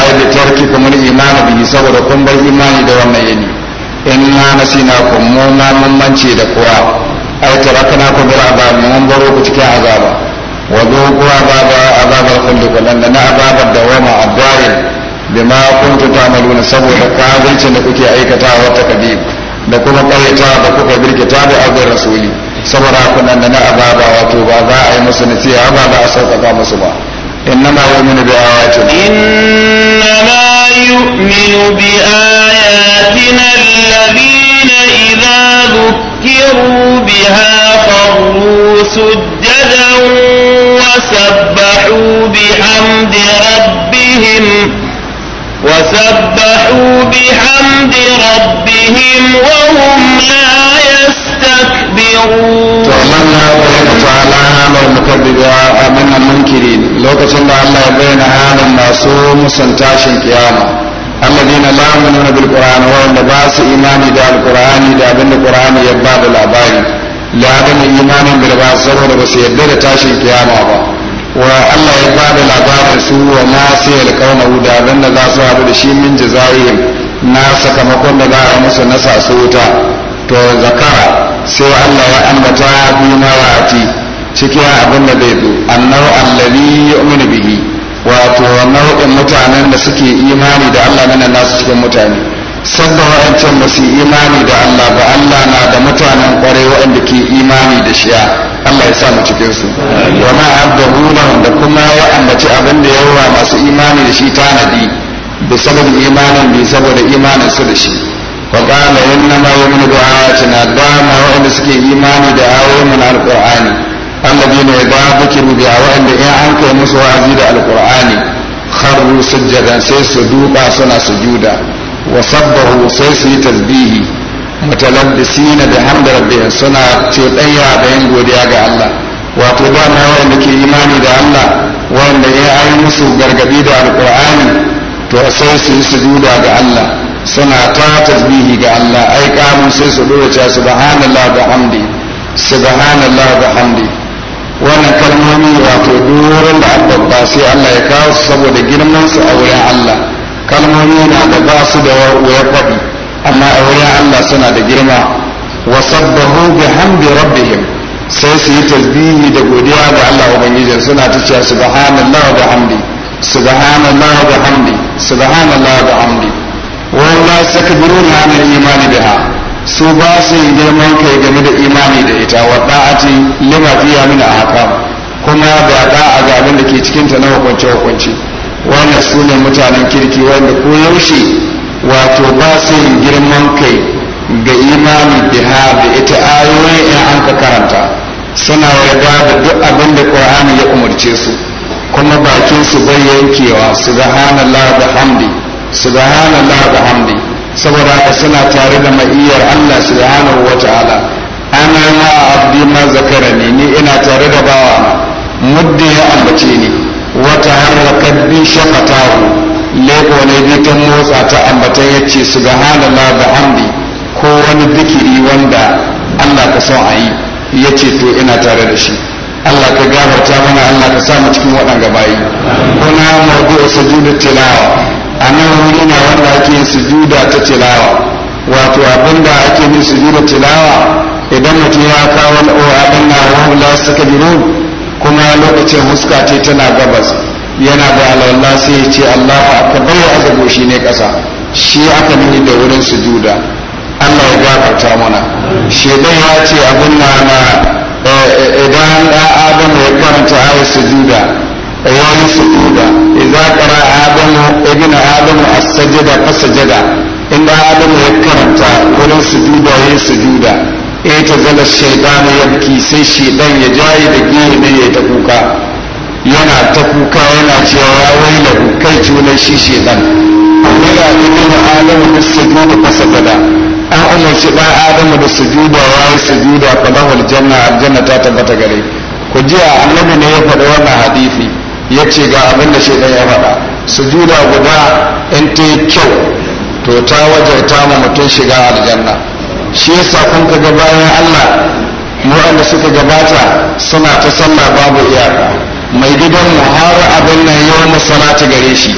ai da tarki kuma imani bi saboda kun bar imani da wannan yini in na nasina ku mu na mance da kuwa ai tarakana ku bil mu mun baro ku cikin azaba wa dhuqu azaba azabal khuld kullan na da dawama adwarin bima malu ta'maluna saboda kafircin da kuke aikatawa ta kadib da kuma ƙaryata da kuka ta da azar rasuli saboda da na azaba wato ba za a yi musu nasiha ba za a sauƙaƙa musu ba إنما يؤمن بآياتنا إنما يؤمن بآياتنا الذين إذا ذكروا بها خروا سجدا وسبحوا بحمد ربهم وسبحوا بحمد ربهم وهم لا يسبحون lokacin da Allah ya bayyana halin masu musanta shin kiyama alladina la yu'minuna bil qur'ani wa inda ba su imani da al da abin da ya ba da labari la da ne imanin bil ba saboda ba su yadda da tashin kiyama ba wa Allah ya ba da labarin su wa nasi al qawma da abin da za su haɗu da shi min jazayim na sakamakon da za a musu na su ta to zakara sai Allah ya ambata fi ma wa'ati cikin abin da bai zo annahu allazi yu'minu bihi wato nau'in mutanen da suke imani da Allah nan nasu cikin mutane sabba wa'ancan ba su imani da Allah ba Allah na da mutanen kwarai wa'anda ke imani da shi Allah ya sa mu cikin su wa ma abdahuna da kuma ya ambaci abin da yawa masu imani da shi tanadi bi sabab imanin bi saboda imanin su da shi وقال إنما يؤمن بآياتنا دعما وإن سكي إيماني دعاوه من القرآن الذين إذا ذكروا بآوائهم بإعانك ومسوا عزيز القرآن خروا سجدا سيس دوبا سنا سجودا وصبه سيس تسبيه متلبسين بحمد ربهم سنا تيطيا بين godiya ga Allah wato ba na wanda ke imani da Allah wanda ya yi musu gargadi da alkur'ani to sai su yi sujuda ga Allah suna ta tasbihi ga Allah ai kamun sai su dora cewa subhanallah da hamdi subhanallah da hamdi wannan kalmomi wato doron da abba sai Allah ya kawo su saboda girman su a wurin Allah kalmomi na da ba su da wayar faɗi amma a wurin Allah suna da girma wa sabbahu bi hamdi rabbihim sai su yi tasbihi da godiya ga Allah ubangijin suna ta cewa subhanallah da hamdi subhanallah da hamdi subhanallah da hamdi wala na an imani imani biha su ba su yi girman kai game da imani da ita wa da'ati lima fiya a haka. kuma ga da'a ga abin da ke cikin ta na hukunce hukunci wanda su ne mutanen kirki wanda ko yaushe wato ba su yi girman kai ga imani biha da ita ayoyi in an ka karanta suna yarda da duk abin da qur'ani ya umarce su kuma bakin su bai yankewa subhanallah da hamdi subhanallah wa hamdi saboda haka suna tare da ma'iyyar Allah subhanahu wa ta'ala ana ma abdi ma zakarani ni ina tare da bawa mudda ya ambace ni wata harrakat bi shafatahu leko ne bi ta motsa ta ambata yace subhanallah wa hamdi ko wani zikiri wanda Allah ka son ayi yi yace to ina tare da shi Allah ka gafarta mana Allah ka sa mu cikin waɗanga bayi kuna mawdu'u sujudut tilawa annahu ina wuri wanda ake sujuda ta tilawa wato abinda ake yin sujuda tilawa idan mace ya kawo abin na wahula suka biro kuma lokacin huska ce tana gabas yana da alalla sai ya ce Allah akbar ya shi ne kasa shi aka nuni da wurin sujuda allah ya gafarta mana shedan ya ce abin na eh, eh, idan adamu ya karanta ayat sujuda Ɗan wayar su bada in za gina adamu a sada ƙasa jaga inda adamu ya karanta wurin sujuda bada a yin su bada ita eh, zai gani sai shi ya ja yi da girma da yadda kuka yana ta kuka yana cewa wai na bukai junan shishigi ɗan. Yana da gidanmu adama na su bada shi ɗan adamu da sujuda bada sujuda yawancin su bada a aljanna ta tabbatar gari ku jiya alhamdulillah ya faɗi wanda hadisi ya ce ga abin da shi ya faɗa sujuda guda in ta yi kyau to ta wajarta ma mutum shiga aljanna shi yasa kun ga bayan Allah waɗanda suka gabata suna ta sallah babu iyaka mai gidan mu har abin nan yawan masalati gare shi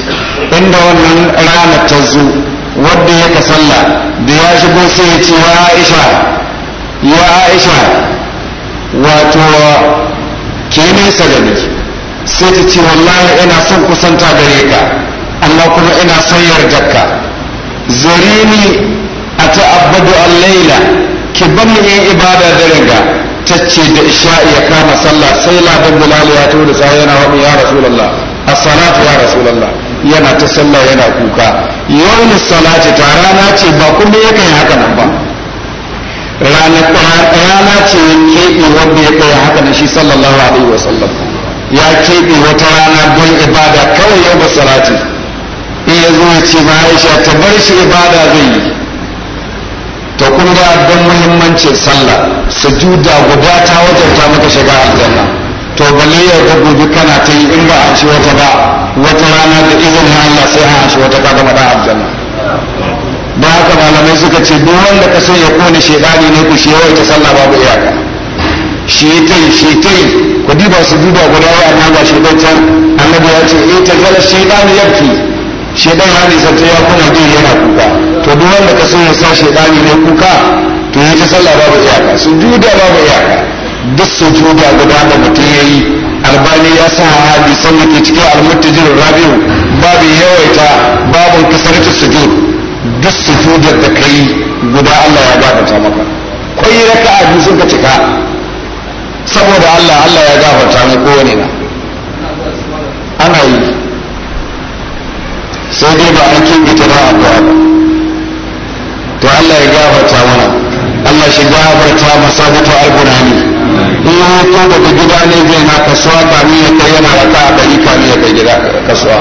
inda wannan rana ta zo wadda yaka sallah da ya shigo sai ya ce ya Aisha ya Aisha wato ke nesa da ni sai ta ce wallahi ina son kusanta gare ka amma kuma ina son Zari zarini a ta'abbadu al-laila ki bani yin ibada da riga ta ce da isha'i ya kama sallah sai ladan bilal ya to da yana wani ya rasulullah as-salatu ya rasulullah yana ta sallah yana kuka yawmin salati ta rana ce ba kuma yakan yi haka nan ba rana ce ke keɓe wanda ya kai haka nan shi sallallahu alaihi wa sallam ya keɓe wata rana don ibada kawai yau ba salati in ya zo ce ma aisha ta bar shi ibada zai yi ta kun ga don muhimmancin sallah sujuda guda ta wajabta maka shiga aljanna to balle ya ga gobe kana ta yi in ba a ci wata ba wata rana da izini Allah sai an shi wata kaga madan aljanna ba haka malamai suka ce duk wanda ka so ya kone shedani ne ku shi yawaita sallah babu iyaka shi ya tai shi ya tai ku diba su duba ya na can annabi ya ce eh, ta zala yabki ya ne ya kuma ji yana kuka to duk wanda ka so ya sa shaytani ne kuka to ya ta sallah babu iyaka su duba babu iyaka duk su duba guda da mutum ya yi albani ya sa hadisan da ke cikin almuttajin rabiu babu yawaita babu kasarci sujud duk sujudar da kai guda Allah ya ba ta maka kwai raka'a biyu sun ka cika saboda Allah Allah ya gafarta mu kowane na ana yi sai dai ba an kinkita ba a ba to Allah ya gafarta mana Allah shi gafarta masa mutu albunani in ya ko da gida ne zai na kasuwa ni ya kai yana da raka yi ka ni ya kai gida kasuwa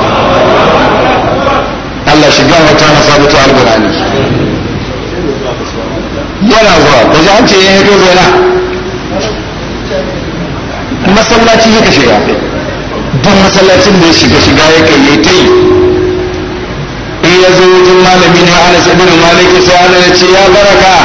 Allah shi gafarta masa mutu albunani yana zuwa ba ji an ce ya yi zo zai na masallaci ya shiga duk masallacin da ya shiga shiga ya kai ya ta yi in ya zo wajen malami na ana sabi da malik sai ana ya ce ya baraka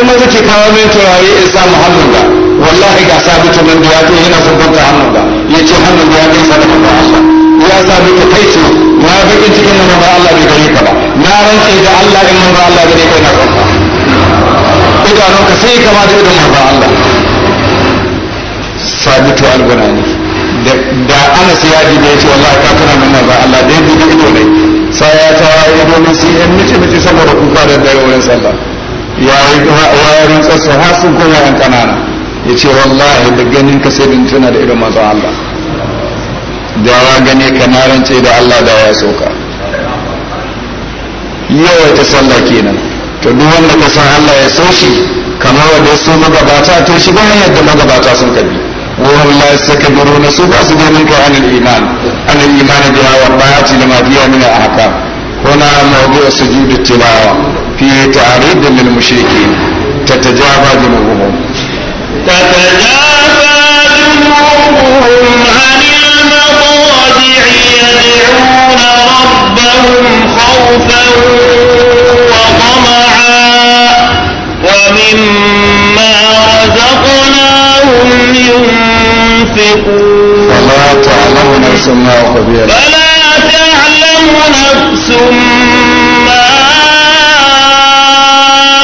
in ma ke kawo min turare in samu hannun ga wallahi ga sabitu nan da ya kai yana sabon ta hannun ga ya ce hannun da ya kai sadaka ba Allah ya ta kai ce na bakin cikin nan ba Allah bai gare ka ba na rantse da Allah in nan ba Allah gare ka na kanka idanunka sai kama da idan ba Allah sabitu al-bunani da ana sai ya jibe yace wallahi ka tana nan ba Allah da yadda ido ne sai ya ta yi domin sai yan mice mice saboda kuka da dare wurin sallah ya yi wayarin tsatsa har sun koma yan kanana ce wallahi da ganin ka sai bin tuna da irin manzo Allah da ya gane ka na da Allah da ya soka yawaita sallah kenan to duk wanda ka san Allah ya so shi kamar wanda ya so magabata to shi ba yadda magabata sun kabi وهم لا يستكبرون سوء سجنك عن الإيمان عن الإيمان بها والطاعة لما فيها من الأحكام هنا موضوع سجود التلاوة في تعريض للمشركين تتجافى جنوبهم تتجافى جنوبهم عن المضاجع يدعون ربهم خوفا وطمعا ومما ينفقون فلا تعلم نفس ما فلا تعلم نفس ما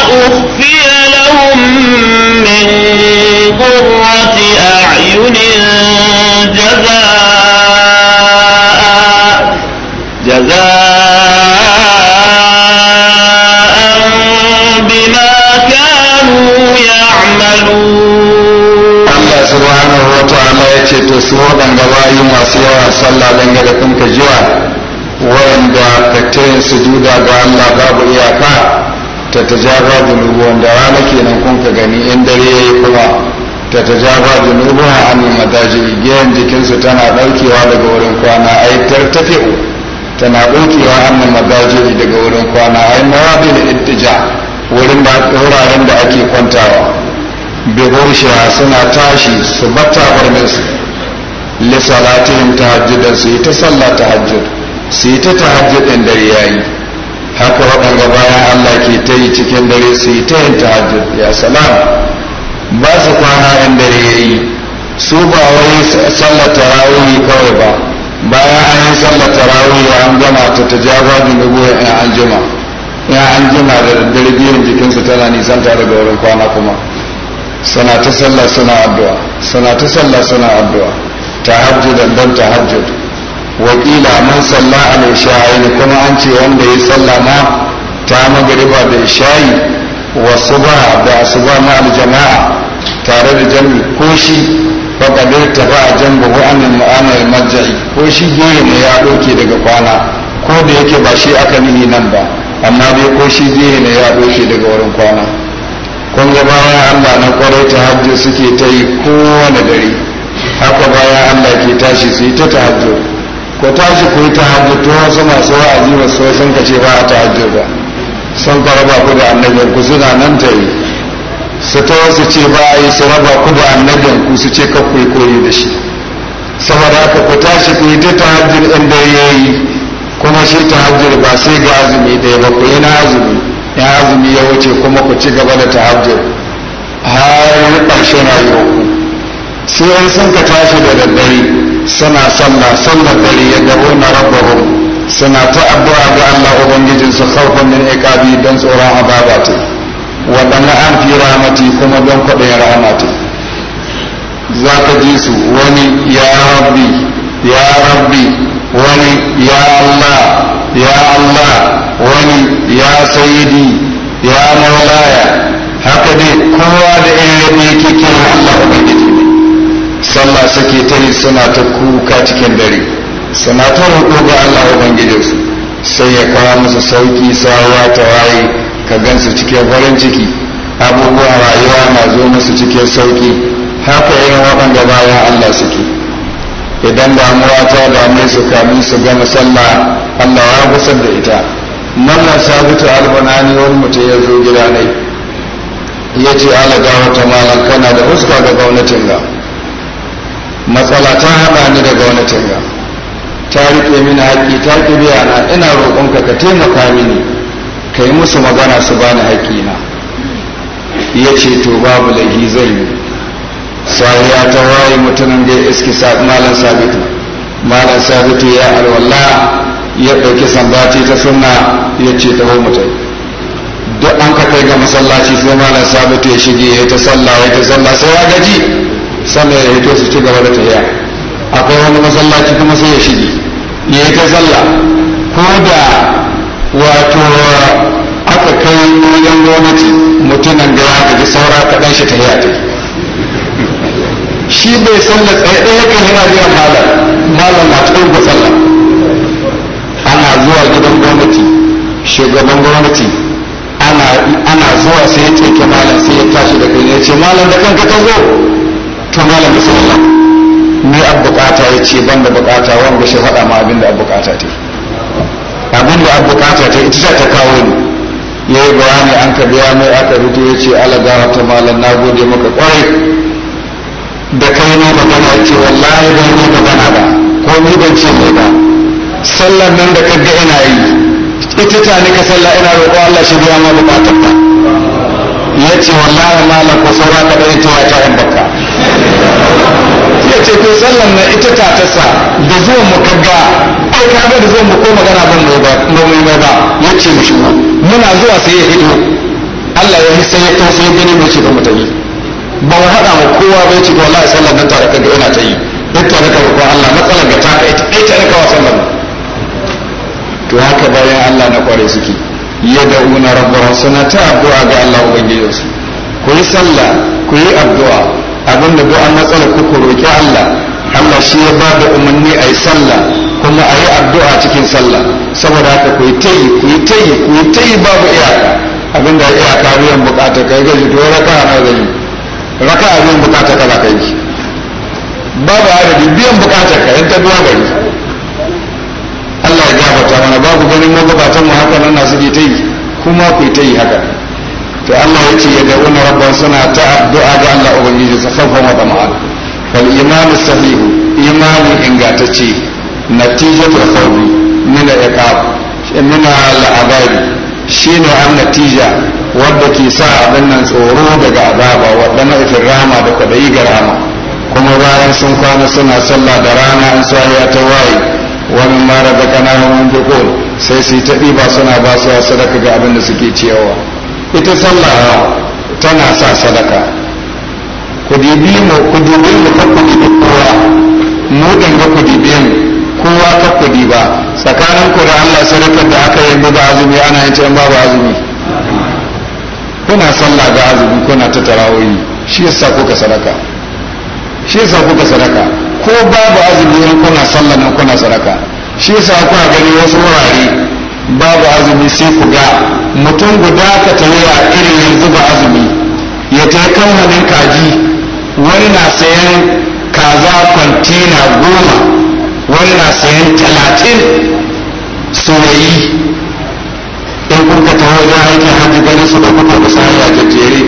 أخفي لهم من قرة أعين جزاء جزاء da su waɗanda bayi masu yawa sallah don da kun ka jiwa waɗanda ka su juda ga Allah babu iyaka ta tajaba zunubuwan da rana kenan kun ka gani in dare ya yi kuma ta tajaba zunubuwa a yi madaji igiyan jikinsu tana ɗaukewa daga wurin kwana a yi tartafe tana ɗaukewa an yi madaji daga wurin kwana a yi mawaɗi da ittija wurin wuraren da ake kwantawa bihoshiya suna tashi su batta barninsu li salatin tahajjudan su yi ta sallah tahajjud su yi ta tahajjud din dare yayi haka waɗanda bayan Allah ke ta yi cikin dare su yi ta yin tahajjud ya salam ba su kwana in dare yayi su ba wai sallar tarawih kawai ba bayan an yi sallar tarawih an gama ta tajaba junubu in an jima ya an jima da daddare biyan jikinsu tana nisan tare da wurin kwana kuma suna ta sallah suna addu'a suna ta sallah suna addu'a tahajjudan dan tahajjud wakila a salla al isha'i kuma an ce wanda ya salla ma ta magriba da isha'i wa subha da asuba ma al tare da jami ko shi faqadir tafa jambahu an al marja'i ko shi goye ne ya doke daga kwana ko da yake ba shi aka nihi nan ba amma dai ko shi zai ne ya doke daga wurin kwana kun ga bayan Allah na kwarai ta hajji suke ta yi kowane dare haka bayan Allah ke tashi su yi ta tahajjo ko tashi ku yi tahajjo to wasu masu wa'azi wasu sun ka ce ba a tahajjo ba sun faraba ku da annabin ku suna nan ta yi su ta wasu ce ba a yi su raba ku da annabin ku su ce kan ku yi koyi da shi saboda haka ku tashi ku yi ta tahajjo in da ya yi kuma shi tahajjo ba sai ga azumi ɗaya ba ku yi na azumi ya azumi ya wuce kuma ku ci gaba da tahajjo har ƙarshen rayuwarku sai in sun ka tashi da daddare suna sallah sallar dare ya gabo na rabbahum suna ta addu'a ga Allah ubangijinsu khawfan min iqabi don tsoron azaba ta wadanna an fi rahmati kuma don kwaɗayin rahama zaka ji su wani ya rabbi ya rabbi wani ya Allah ya Allah wani ya sayyidi ya maulaya haka dai kowa da irin yake kiran Allah ubangijin. sama suke ta yi suna ta kuka cikin dare suna ta roƙo ga Allah su. sai ya kawo musu sauki sawa ta waye ka gansu cikin farin ciki abubuwan rayuwa na zo musu cikin sauki haka irin waɗanda bayan Allah suke idan damuwa ta dame su kamin su gama sallah Allah ya busar da ita mallan sabitu albanani wani mutum ya zo gida nai ya ce ala gawa ta malam kana da huska ga gwamnatin ga matsala ta haɗa ni daga wani tanga ta riƙe mini haƙƙi ta ƙi biya na ina roƙonka ka taimaka mini ka yi musu magana su bani haƙƙina ya ce to babu laifi zai yi sai ya ta waye mutumin da ya iski malam sabitu malam sabitu ya alwala ya ɗauki sambaci ta sunna ya ce ta hau mutum duk an ka kai ga masallaci sai malam sabitu ya shige ya ta sallah ya ta sallah sai ya gaji sama ya hito su ci gaba da tafiya akwai wani masallaci kuma sai ya shige ya yi ta sallah ko da wato aka kai wajen gwamnati mutumin da ya gaji saura ɗan shi ta yi shi bai sallar tsaye ɗaya kan yana biyan malam malam na cikin ba sallah ana zuwa gidan gwamnati shugaban gwamnati ana zuwa sai ya ce malam sai ya tashi da kai ya ce malam da kanka ka zo to malam bismillah ni a bukata ya ce ban da bukata wanda shi faɗa ma abin da a bukata ta abin da a bukata ta ita ta kawo ni ya yi bayani an ka biya mai aka rutu ya ce ala gara ta malam na gode maka kwarai da kai ne magana ya ce wallahi ban yi magana ba ko ni ban ce mai ba sallar nan da kaga ina yi ita ta nika sallah ina roƙo Allah shi biya ma bukatar ta yace wallahi malam ko saura ka da ita ta yi baka ya ce ko sallan na ita ta tasa da zuwan mu kaga ai ka ga da zuwan mu ko magana ban mai ba mai mai ba ya ce mu shi muna zuwa sai ya hito Allah ya hisa ya taso ya gani mai ce ba mu ba mu hada mu kowa bai ya ce to ya sallan nan tare kaga ina ta yi ita da kawo Allah matsalar ga ta ka ita ta kawo sallan to haka bayan Allah na kware suke yad'una rabbahum suna ta addu'a ga Allah ubangijinsu ku yi sallah ku yi addu'a abinda da an matsala ku ku roƙi Allah Allah shi ya ba da umarni a yi sallah kuma a yi addu'a cikin sallah saboda haka ku yi tayi ku yi tayi ku yi tayi babu iyaka abinda iyaka biyan bukata kai gaji to raka na gaji raka biyan bukata kaza kai babu adadi biyan bukata ka yanta duwa gari Allah ya gafarta mana babu ganin mabukatan mu haka nan na suke tayi kuma ku yi tayi haka to Allah ya ce ya da wani rabban suna ta addu'a ga Allah ubangiji sa kafa wa jama'a fal iman sahih imani ingantacce natijatu khawfi min al-iqab min al-azab shine an natija wadda ke sa abin nan tsoro daga azaba wadda ma'ifin rama da kwaɗayi ga rama kuma bayan sun kwana suna sallah da rana an ya ta waye wani mara da kananan mun sai su yi ta ɗiba suna ba su sadaka ga abin da suke ciyawa ita sallah tana sa sadaka ku bi mu ku dibi mu ka ku dibi kowa mu din ga ku dibi kowa ka ku ba tsakanin ku da Allah sadakar da aka yi ba azumi ana yin can babu azumi kuna sallah ga azumi kuna ta tarawihi shi yasa kuka sadaka shi yasa kuka sadaka ko babu azumi kuna sallah nan kuna sadaka shi yasa kuna gani wasu wurare babu azumi sai ku ga mutum guda ka tawaya irin yanzu ba azumi ya ta kamfanin kaji wani na sayan kaza kwantena goma wani na sayan talatin soyayi in kun ka taho wajen aikin hajji ganin su da kuka kusa hanya jajjere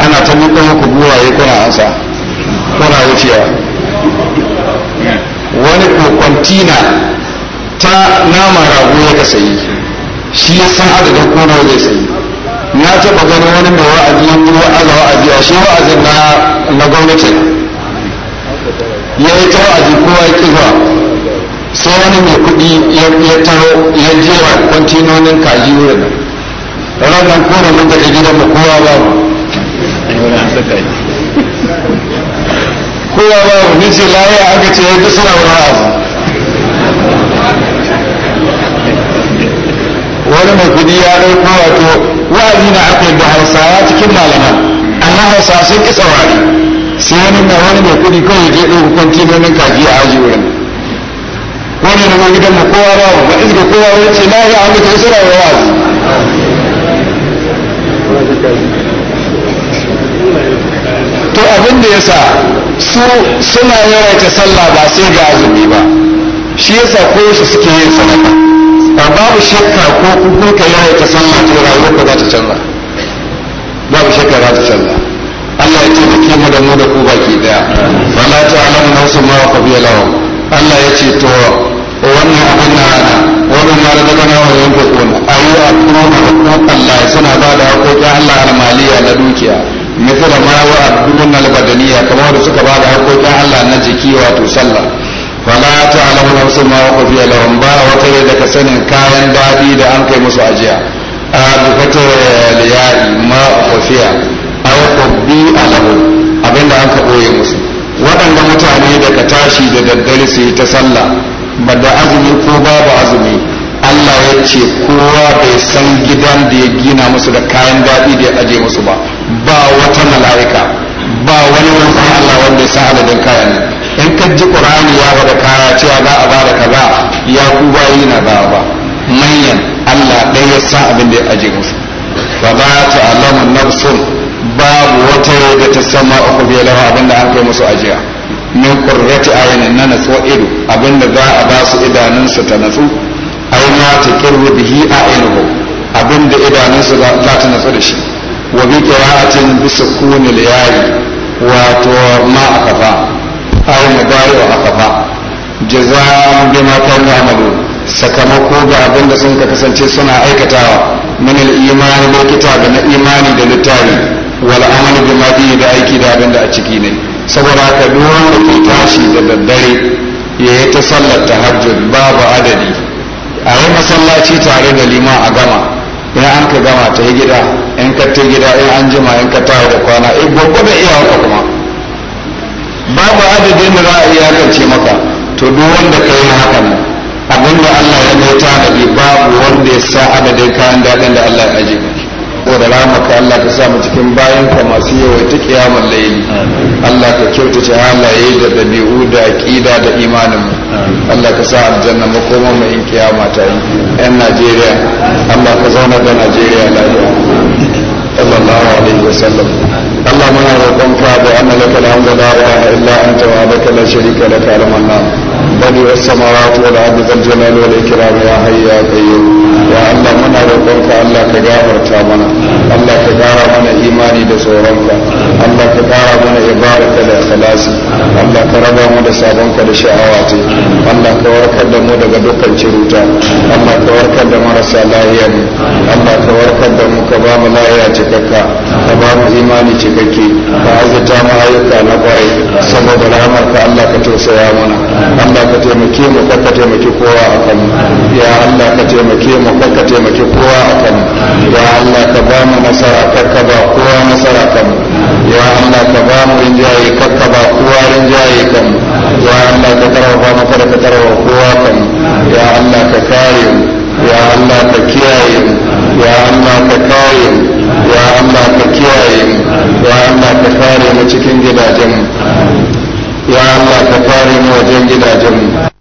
ana ta muku buwa buwaye kuna ansa kuna wucewa wani ko kwantina ta nama rago ya ka sayi shi ya san adadin ko nawa zai sayi na taɓa ganin wani mai wa'azi ya kuma wa'aza wa'azi a shi wa'azi na na gwamnati ya yi ta wa'azi kowa ya ƙi zuwa sai wani mai kuɗi ya taro ya jera kwantinonin kaji wurin ranar kone mun daga gidan mu kowa babu kowa babu mu ce laye aka ce ya duk suna wani wa'azi wani mai kudi ya ɗauko wato wa'azi na aka yi hausawa cikin malaman amma hausawa sun ƙi saurari sai wani mai wani mai kudi kawai ke ɗauko kwantinonin kaji a aji wurin wani na gidan mu kowa ba ba izga kowa ya ce na yi amince suna wa wa'azi to abin da ya sa su suna yawaita sallah ba sai ga azumi ba shi yasa ko shi suke yin sadaka ba babu shakka ko kuka ka yaye ta sallah ta rayuwar ka za ta canza babu shakka za ta canza Allah ya ce da kima da mu da ku baki daya wala ta'lamu nasu ma qabiya lahum Allah ya ce to wannan abin na rana wannan ma da kana wa yanku A ayu a kuma Allah suna ba da hakokin Allah almaliya na dukiya mithla ma wa abdun albadaniya kamar da suka ba da hakokin Allah na jiki wato sallah fala ta alamu nafsu ma wa kafi lahum ba wata ne daga sanin kayan daɗi da an kai musu ajiya a bukata liyari ma kafiya aw qabbi alahu abinda an ka boye musu waɗanda mutane daga tashi da daddare su yi ta sallah ba da azumi ko babu azumi Allah ya ce kowa bai san gidan da ya gina musu da kayan daɗi da ya aje musu ba ba wata mala'ika ba wani wani Allah wanda ya sa adadin kayan in ka ji qur'ani ya bada kaya cewa za a bada kaza ya ku bayi na za ba manyan Allah ɗaya ya san abin da ya aji musu fa za ta alamu nafsun babu wata da ta sama uku biya lawa abin da an kai musu ajiya min qurrati aynin na natsuwa ido abin da za a ba su idanunsu ta natsu ai ma ta kirru bihi a'inuhu abin da idanunsu za ta nasu da shi wa bi qira'atin bi sukuni al-ya'i wato ma akafa aw mudari wa akafa jaza'an bima kanu amalu sakamako ga abin da sun kasance suna aikatawa min al-imani bil kitab na imani da littafi wal amali bima fihi da aiki da abinda a ciki ne saboda haka duk wanda ke tashi da daddare ya yi ta sallar tahajjud babu adadi a yi masallaci tare da lima a gama in an ka gama ta yi gida in ka ta gida in an jima in ka tawo da kwana in eh, gwagwada iyawa kuma babu adadin da za a iyakance maka to duk wanda ka yi hakan abin da Allah ya mai tanadi babu wanda ya sa adadin kayan daɗin da Allah ya aje ko da ramaka Allah ka sa mu cikin bayan ka masu yawaita kiyamar laili Allah ka kyautace halaye da dabi'u da aqida da imanin mu Allah ka sa aljanna makoma mu in kiyama ta yi ɗan Najeriya Allah ka zauna da Najeriya lafiya sallallahu alaihi wasallam اللهم انا ربك بان لك الحمد لا اله الا انت وحدك لا شريك لك المنان بديع السماوات والارض ذا الجلال والاكرام يا حي يا قيوم يا الله منا ربك الله كغفرت منا الله كغفر منا ايماني da tsoronka Allah ka kara mana ibaraka da ikhlasi Allah ka raba mu da sabonka da sha'awa ce Allah ka warkar da mu daga dukkan ciruta Allah ka warkar da marasa lahiya Allah ka warkar da mu ka ba mu lahiya cikakka ka ba mu imani cikakke ka azuta mu ayyuka na kwai saboda ka Allah ka tausaya mana Allah ka taimake mu ka taimake kowa a kan ya Allah ka taimake mu ka taimake kowa a kan ya Allah ka ba mu nasara ka ba kowa nasara kan mu ya Allah ka ba mu rinjaye kakka ba kowa rinjaye kan ya Allah ka tarwa mu kada ka tarwa kowa kan ya Allah ka kare mu ya Allah ka kiyaye mu ya Allah ka kare mu ya Allah ka kiyaye mu ya Allah ka kare mu cikin gidajen mu ya Allah ka kare mu wajen gidajen